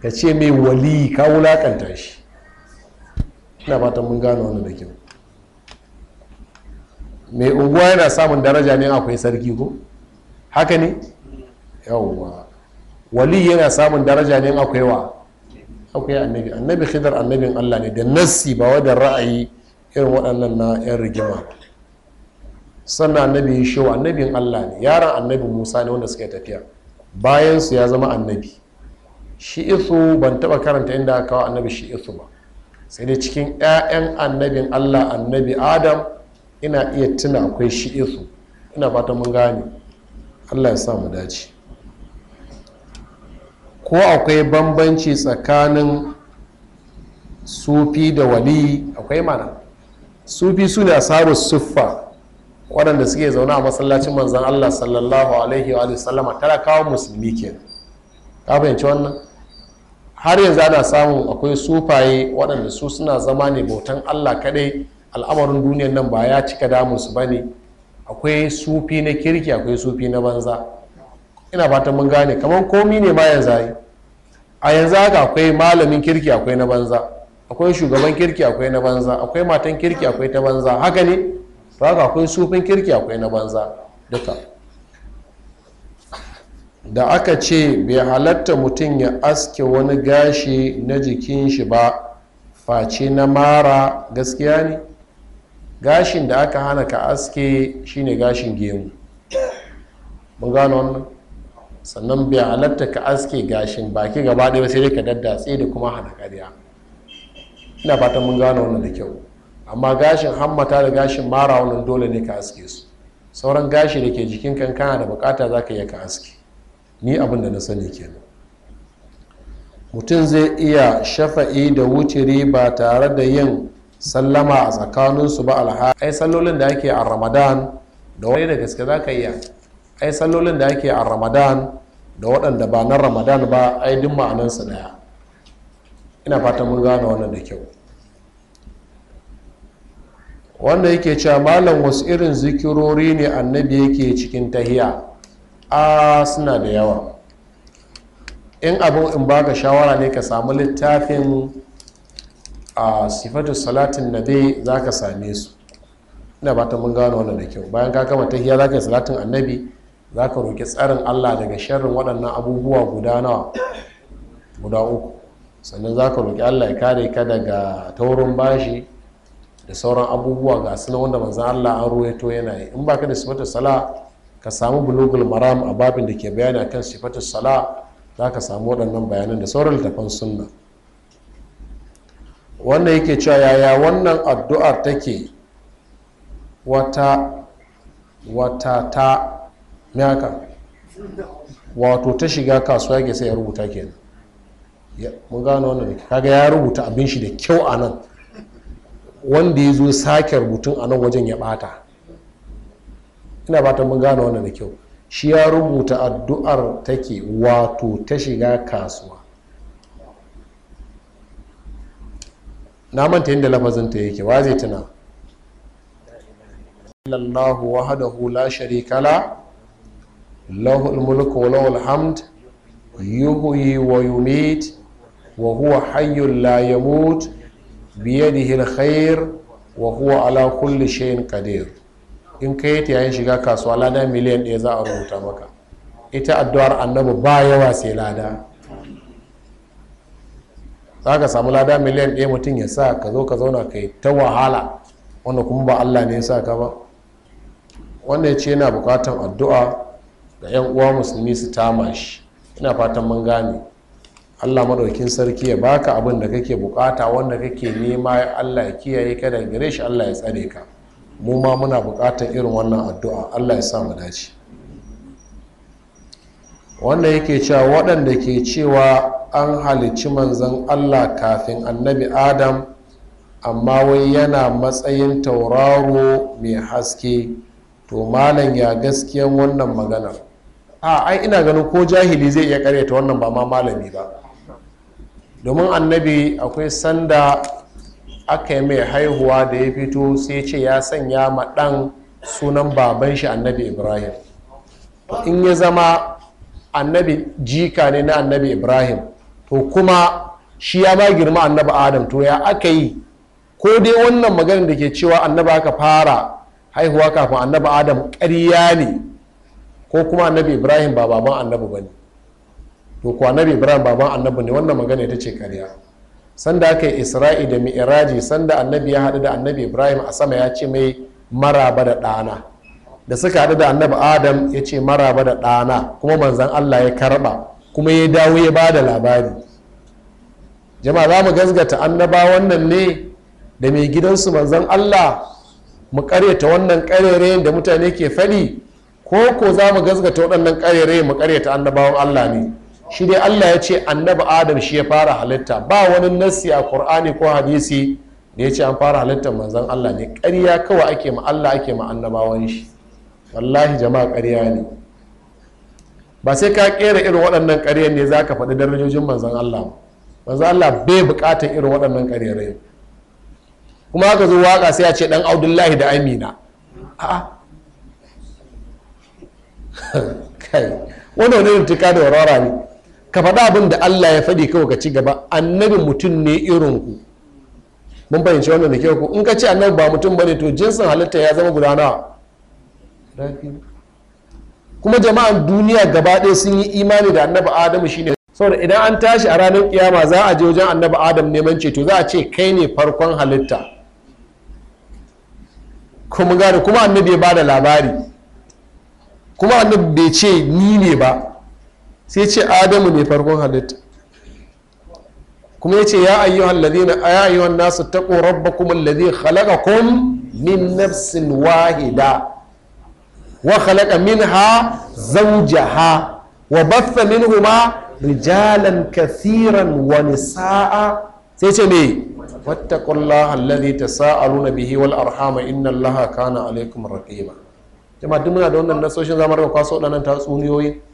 Speaker 1: ka ce mai waliyi ka wulaƙanta shi ina fatan mun gano wani da kyau mai unguwa yana samun daraja ne akwai sarki ko haka ne yawwa wali yana samun daraja ne akwai wa akwai annabi annabi khidar annabin allah ne da nassi ba wadda ra'ayi irin waɗannan na 'yan rigima sannan annabi ya shewa annabin allah ne yaron annabi musa ne wanda suka tafiya bayan su ya zama annabi shi isu ban taba karanta inda aka kawo annabi shi isu ba sai dai cikin 'ya'yan annabin allah annabi adam ina iya tuna akwai shi isu ina fata mun gane allah ya sa mu dace ko akwai bambanci tsakanin sufi da wali akwai mana sufi su ne asarar suffa waɗanda suke zaune a masallacin manzan allah sallallahu alaihi wa sallama kawo musulmi ke ka fahimci wannan har yanzu ana samun akwai sufaye waɗanda su suna zama ne bautan allah kaɗai al'amarin duniyan nan ba ya cika damunsu ba ne akwai sufi na kirki akwai sufi na banza ina fatan mun gane kamar komi ne ma yanzu yi a yanzu haka akwai malamin kirki akwai na banza akwai shugaban kirki akwai na banza akwai matan kirki akwai ta banza haka ne to haka akwai sufin kirki akwai na banza duka da aka ce bai halatta mutum ya aske wani gashi na jikin shi ba face na mara gaskiya ne gashin da aka hana ka aske shine gashin gemu mun gano wannan sannan bai halatta ka aske gashin baki gaba ɗaya sai dai ka daddatse da kuma hana ƙarya ina fatan mun gano wannan da kyau amma gashin hammata da gashin mara wannan dole ne ka aske su sauran gashi da ke jikin kankana da bukata za ka iya ka aske ni abin da na sani kenan mutum zai iya shafa'i da wuciri ba tare da yin sallama a tsakaninsu ba ai sallolin da ake a ramadan da wani da gaske za ka iya ai sallolin da ake a ramadan da waɗanda ba na ramadan ba ai duk ma'anansu ɗaya ina fata mun gane wannan da kyau wanda yake cewa malam wasu irin zikirori ne annabi yake cikin tahiya a suna da yawa in abin in baka shawara ne ka samu littafin a sifatu salatin nabi za ka same su ina ba ta mun gano wannan da kyau bayan ka gama tahiya za ka yi salatin annabi za ka roƙi tsarin allah daga sharrin waɗannan abubuwa guda nawa guda uku sannan za ka roƙi allah ya kare ka daga taurin bashi da sauran abubuwa ga suna wanda manzan allah an ruwaito yana yi in baka da sifatu sala ka samu bulugul maram a babin da ke bayani kan sifatun sala za ka samu waɗannan bayanan da sauran littafan sunna wannan yake cewa yaya wannan addu'ar take wata wata ta miyaka wato ta shiga kasuwa ke sai ya rubuta kenan mun gano wannan da kaga ya rubuta abin shi da kyau a nan wanda ya zo sake rubutun a nan wajen ya ɓata. ina fatan mun gane wannan da kyau shi ya rubuta addu'ar take wato ta shiga kasuwa na manta yadda lafazin ta yake wa zai tuna lallahu wahdahu la sharika la lahul mulku wa lahul hamd yuhyi wa yumit wa huwa hayyun la yamut biyadihi alkhair wa huwa ala kulli shay'in qadir in ka yi ta yayin shiga kasuwa lada miliyan ɗaya za a rubuta maka ita addu'ar annabi ba yawa sai lada za ka samu lada miliyan ɗaya mutum ya sa ka zo ka zauna ka yi ta wahala wanda kuma ba allah ne ya sa ka ba wanda ya ce yana bukatan addu'a da 'yan uwa musulmi su tama shi ina fatan mun gane allah madaukin sarki ya baka abin da kake bukata wanda kake nema allah ya kiyaye ka daga gare shi allah ya tsare ka mu ma muna bukatar irin wannan addu'a allah ya sa mu dace wanda yake cewa waɗanda ke cewa an halicci manzan allah kafin annabi adam amma wai yana matsayin tauraro mai haske to malam ya gaskiya wannan maganar a ai ina ganin ko jahili zai iya karyata wannan ba ma malami ba domin annabi akwai sanda aka yi mai haihuwa da ya fito sai ce ya sanya ma ɗan sunan baban shi annabi ibrahim in ya zama annabi jika ne na annabi ibrahim to kuma shi ya ba girma annabi adam to ya aka yi ko dai wannan maganin da ke cewa annabi aka fara haihuwa kafin annabi adam ƙarya ne ko kuma annabi ibrahim ba baban annabi ba ne to ko annabi ibrahim baban annabi ne wannan magana ita ce ƙarya sanda aka yi isra'i da mi'iraji sanda annabi ya haɗu da annabi ibrahim a sama ya ce mai maraba da ɗana da suka haɗu da annabi adam ya ce maraba da ɗana kuma manzan allah ya karɓa kuma ya dawo ya ba da labari jama'a za mu gasgata annaba wannan ne da mai gidansu manzan allah mu karyata wannan karerayen da mutane ke faɗi ko ko za mu gasgata waɗannan karerayen mu karyata annabawan allah ne shi dai allah ya ce annabi adam shi ya fara halitta ba wani nassi a qur'ani ko hadisi da ya ce an fara halittar manzan allah ne ƙarya kawai ake ma allah ake ma annabawan shi wallahi jama'a ƙarya ne ba sai ka kera irin waɗannan ƙaryar ne za ka faɗi darajojin manzan allah manzan allah bai buƙatar irin waɗannan ƙaryarai kuma haka zo waƙa sai a ce ɗan audullahi da amina a'a kai wannan ne tuka da warwara ne ka faɗa abin da Allah ya faɗi kawai ka ci gaba annabi mutum ne irin ku mun fahimci wannan da kyau ku in ka ce annabi ba mutum bane to jinsin halitta ya zama guda nawa kuma jama'an duniya gaba ɗaya sun yi imani da annabi adamu shine saboda idan an tashi a ranar kiyama za a je wajen annabi adam neman ceto za a ce kai ne farkon halitta kuma gane kuma annabi ya da labari kuma annabi bai ce ni ne ba sai ce adamu ne farkon halitta kuma ya ce ya ayyuhan ladina ya ayyuhan nasu kuma ladin alladhi kun? min nafsin wahida wa min ha? zauja ha wa min huma rijalan kathiran wa nisaa sai ce me ta alladhi na bihi wal arhama inna allaha kana alaikum raqima jama'a duk muna da wannan nasoshin zamar ga kwaso wadannan tatsuniyoyi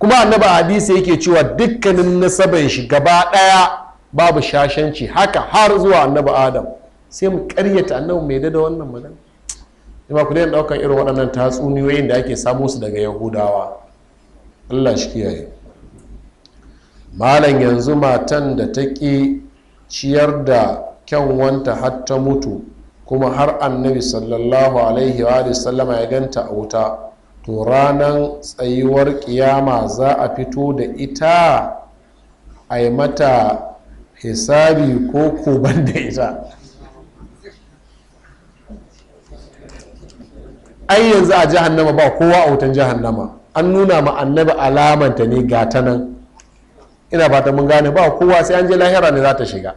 Speaker 1: kuma annaba hadisi yake cewa dukkanin nasaban shi gaba ɗaya babu shashanci haka har zuwa annaba adam sai mu karyata annabi mai da wannan magana ima ku daina ɗaukar irin waɗannan tatsuniyoyin da ake samu su daga yahudawa allah shi kiyaye malam yanzu matan da ta ƙi ciyar da kyanwanta har ta mutu kuma har annabi sallallahu alaihi wa sallama ya ganta a wuta to ranar tsayuwar kiyama za a fito da ita a yi mata hisabi ko koban da ita ai yanzu a jahannama ba kowa a wutan jihannama. an nuna ma annabi alamanta ne ga ta nan ina fata mun gane ba kowa sai an je lahira ne za ta shiga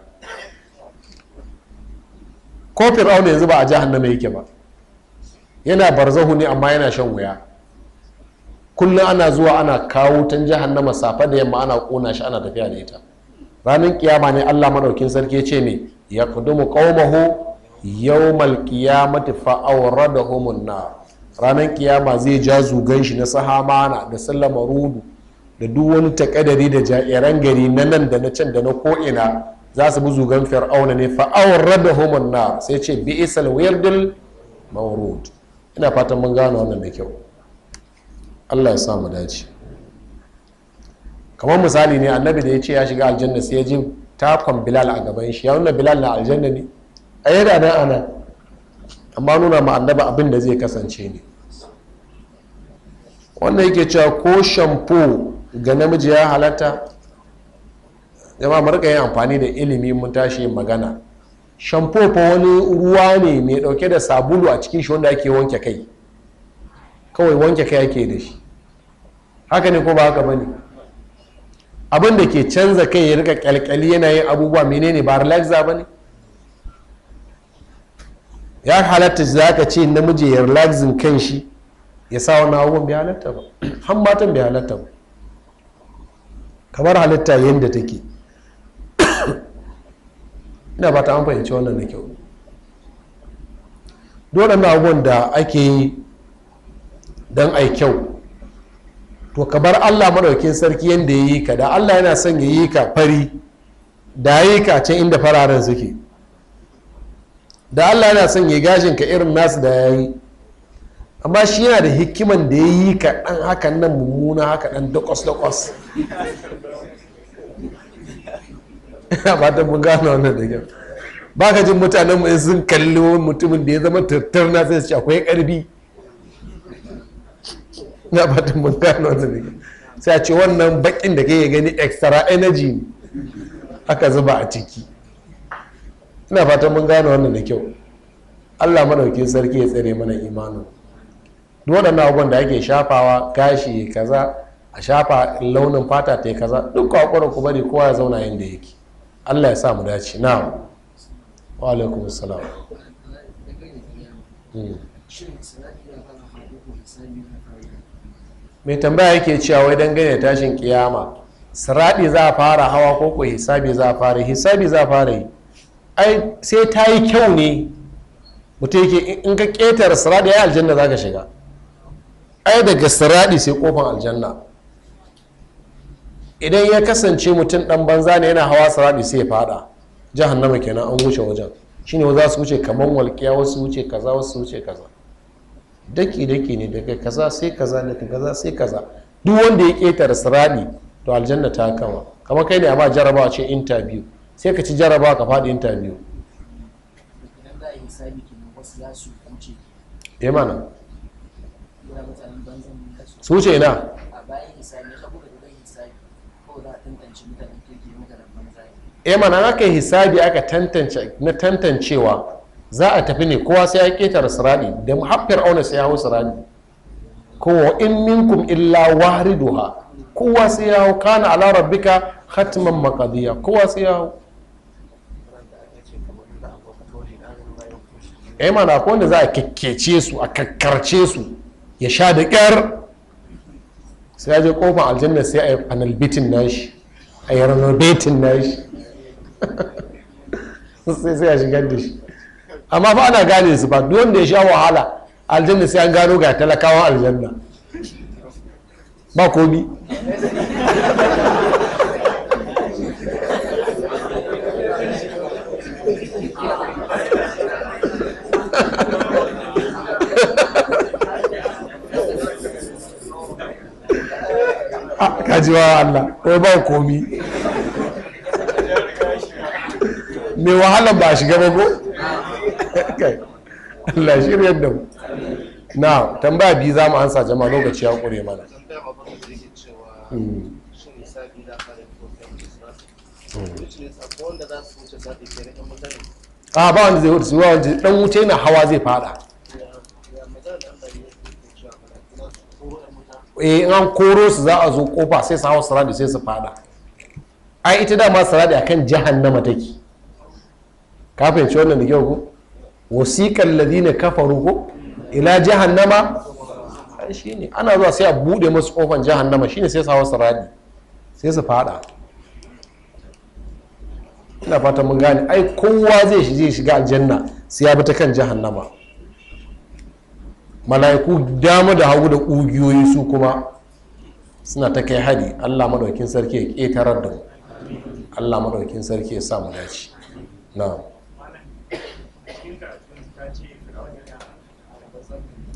Speaker 1: ko fir'auna yanzu ba a nama yake ba yana barzahu ne amma yana shan wuya kullum ana zuwa ana kawo tan jahannama safa da yamma ana kona shi ana tafiya da ita ranar kiyama ne Allah maɗaukin sarki ce me ya kudumu qaumahu yawmal qiyamati fa awradahumun nar ranar kiyama zai ja zugan shi na sahamana da sallama rudu da duk wani takadari da jairan gari na nan da na can da na ko'ina za su bi zugan fir'auna ne fa awradahumun nar sai ce bi'sal wirdul mawrud ina fatan mun gano wannan da kyau allah ya sa mu dace kamar misali ne annabi da ya ce ya shiga aljanna sai ya ji takon bilal a gaban shi ya nuna bilal na aljanna ne a yi da nan ana amma nuna ma annaba abin da zai kasance ne wannan yake cewa ko shampo ga namiji ya halatta jama'a marka rika yin amfani da ilimi mun tashi yin magana shampo fa wani ruwa ne mai dauke da sabulu a cikin shi wanda ake wanke kai kawai wanke kai ake da shi haka ne ko ba haka bane abin da ke canza kai ya rika kyalkyali yana yin abubuwa menene ba relaxa ba ne ya halatta za ka ce namiji ya relaxin kan shi ya sa wani abubuwan bi halatta ba han matan bi halatta ba kamar halitta yadda take ina ba ta an fahimci wannan da kyau dole na abubuwan da ake yi don ai kyau to ka bar allah maɗaukin sarki yadda ya yi ka da allah yana son ya yi ka fari da ya yi ka can inda fararen suke da allah yana son ya gashin ka irin nasu da ya yi amma shi yana da hikiman da ya yi ka ɗan hakan nan mummuna haka ɗan dakwas-dakwas ina fatan mun gano wannan da kyau ba ka jin mutanen mu sun kalli mutumin da ya zama tattar na sai su akwai karbi na fatan mun gano wannan ne sai a ce wannan bakin da kake gani extra energy ne aka zuba a ciki ina fatan mun gano wannan da kyau Allah madaukin sarki ya tsere mana imanin duk waɗannan abubuwan da ake shafawa gashi kaza a shafa launin fata ta kaza duk kwakwara ku bari kowa ya zauna yadda yake Allah ya sa mu dace na wa alaikum salam hmm. mai tambaya yake cewa wai dangane tashin kiyama sirabi za a fara hawa ko ko hisabi za a fara hisabi za a fara yi ai sai ta yi kyau ne mutum yake in ka ƙetare siraɗi ai aljanna za ka shiga ai daga sirabi sai kofan aljanna idan ya kasance mutum dan banza ne yana hawa sirabi sai ya faɗa jahannama kenan an wuce wajen shine za su wuce kamar walƙiya wasu wuce kaza wasu wuce kaza daki daki ne daga kaza sai kaza daga kaza sai kaza duk wanda ya ketare sirani to aljanna ta kama kamar kai ne a ba jarabawa ce interview sai ka ci jarabawa ka faɗi interview ya eh mana su ce na ya eh mana aka yi hisabi aka tantance na tantancewa za a tafi ne kowa sai ya ƙetare sirani da har auna sai ya hau sirani kowa in minkum illa wariduha kowa sai ya hau kana ala rabbika hatman makadiyya kowa sai ya hau yi eh mana ko wanda za a kakkece su a kakkarce su ya sha da kyar sai ya je kofar aljanna sai a yi analbitin nashi a yi renovating nashi sai sai a shigar da shi amma fa ana gane su ba duk wanda ya sha wahala aljanna sai an gano ga talakawan aljanna ba komi kajiwa Allah ko ba komi mai wahala ba shiga ba ko Allah shiryar da na tambaya biyu za mu ansa jama'a lokaci ya kure mana hmm. hmm. a ah, ba wanda zai hudu ba wanda dan wuce na hawa zai fada eh an koro su za a zo kofa sai su hawa sarari sai su fada ai ita dama sarari akan jahannama take ka fahimci wannan da kyau ko wasiƙan ladina kafaru ko ila jahannama ne ana zuwa sai a buɗe masu ƙofan jahannama shine sai sa wasu radi sai su fada ina fatan mun gane ai kowa zai shige shiga aljanna sai ya bi ta kan jahannama mala'iku dama da hagu da ƙugiyoyi su kuma suna ta kai hari allah maɗaukin sarki ya ƙetarar da mu allah maɗaukin sarki ya sa mu dace na'am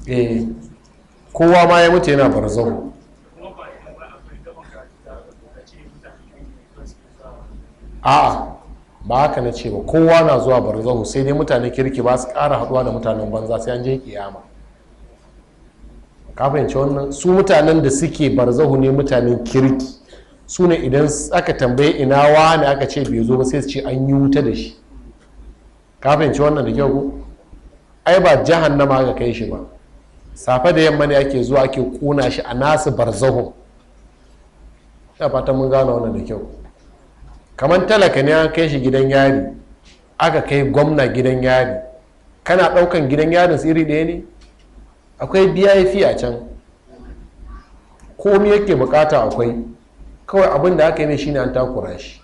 Speaker 1: Eh, kowa ma ya mutu yana barzahu a'a ba haka na ce ba kowa na zuwa barzahu sai dai mutane kirki ba su kara haduwa da mutanen banza sai an je kiyama ka fahimci wannan su mutanen da suke barzahu ne mutanen kirki su ne idan aka tambaye ina wani aka ce bai zo ba sai su ce an yi wuta da shi ka fahimci wannan da kyau ai ba jahannama ga kai shi ba safe da yamma ne ake zuwa ake kuna shi a nasu barzaho ya fata mun gano wannan da kyau kamar talaka ne an kai shi gidan yari aka kai gwamna gidan yari kana ɗaukan gidan yarin iri ɗaya ne akwai biyayi a can komi yake bukata akwai kawai abin da aka yi mai shine an takura shi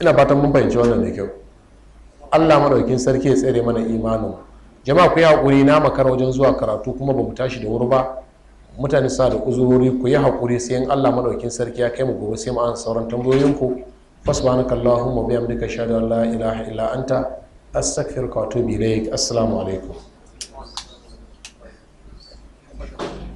Speaker 1: ina fatan mun fahimci wannan da kyau allah maɗaukin sarki ya tsere mana imanin jama'a ku yi hakuri na makara wajen zuwa karatu kuma ba mu tashi da wuri ba mutane sa da uzurori ku yi hakuri sai in allah maɗaukin sarki ya kai mu gobe sai mu an sauran tambayoyin ku fasbanaka allahumma duka shahadu an la ilaha illa anta astaghfiruka wa atubu ilaik assalamu alaikum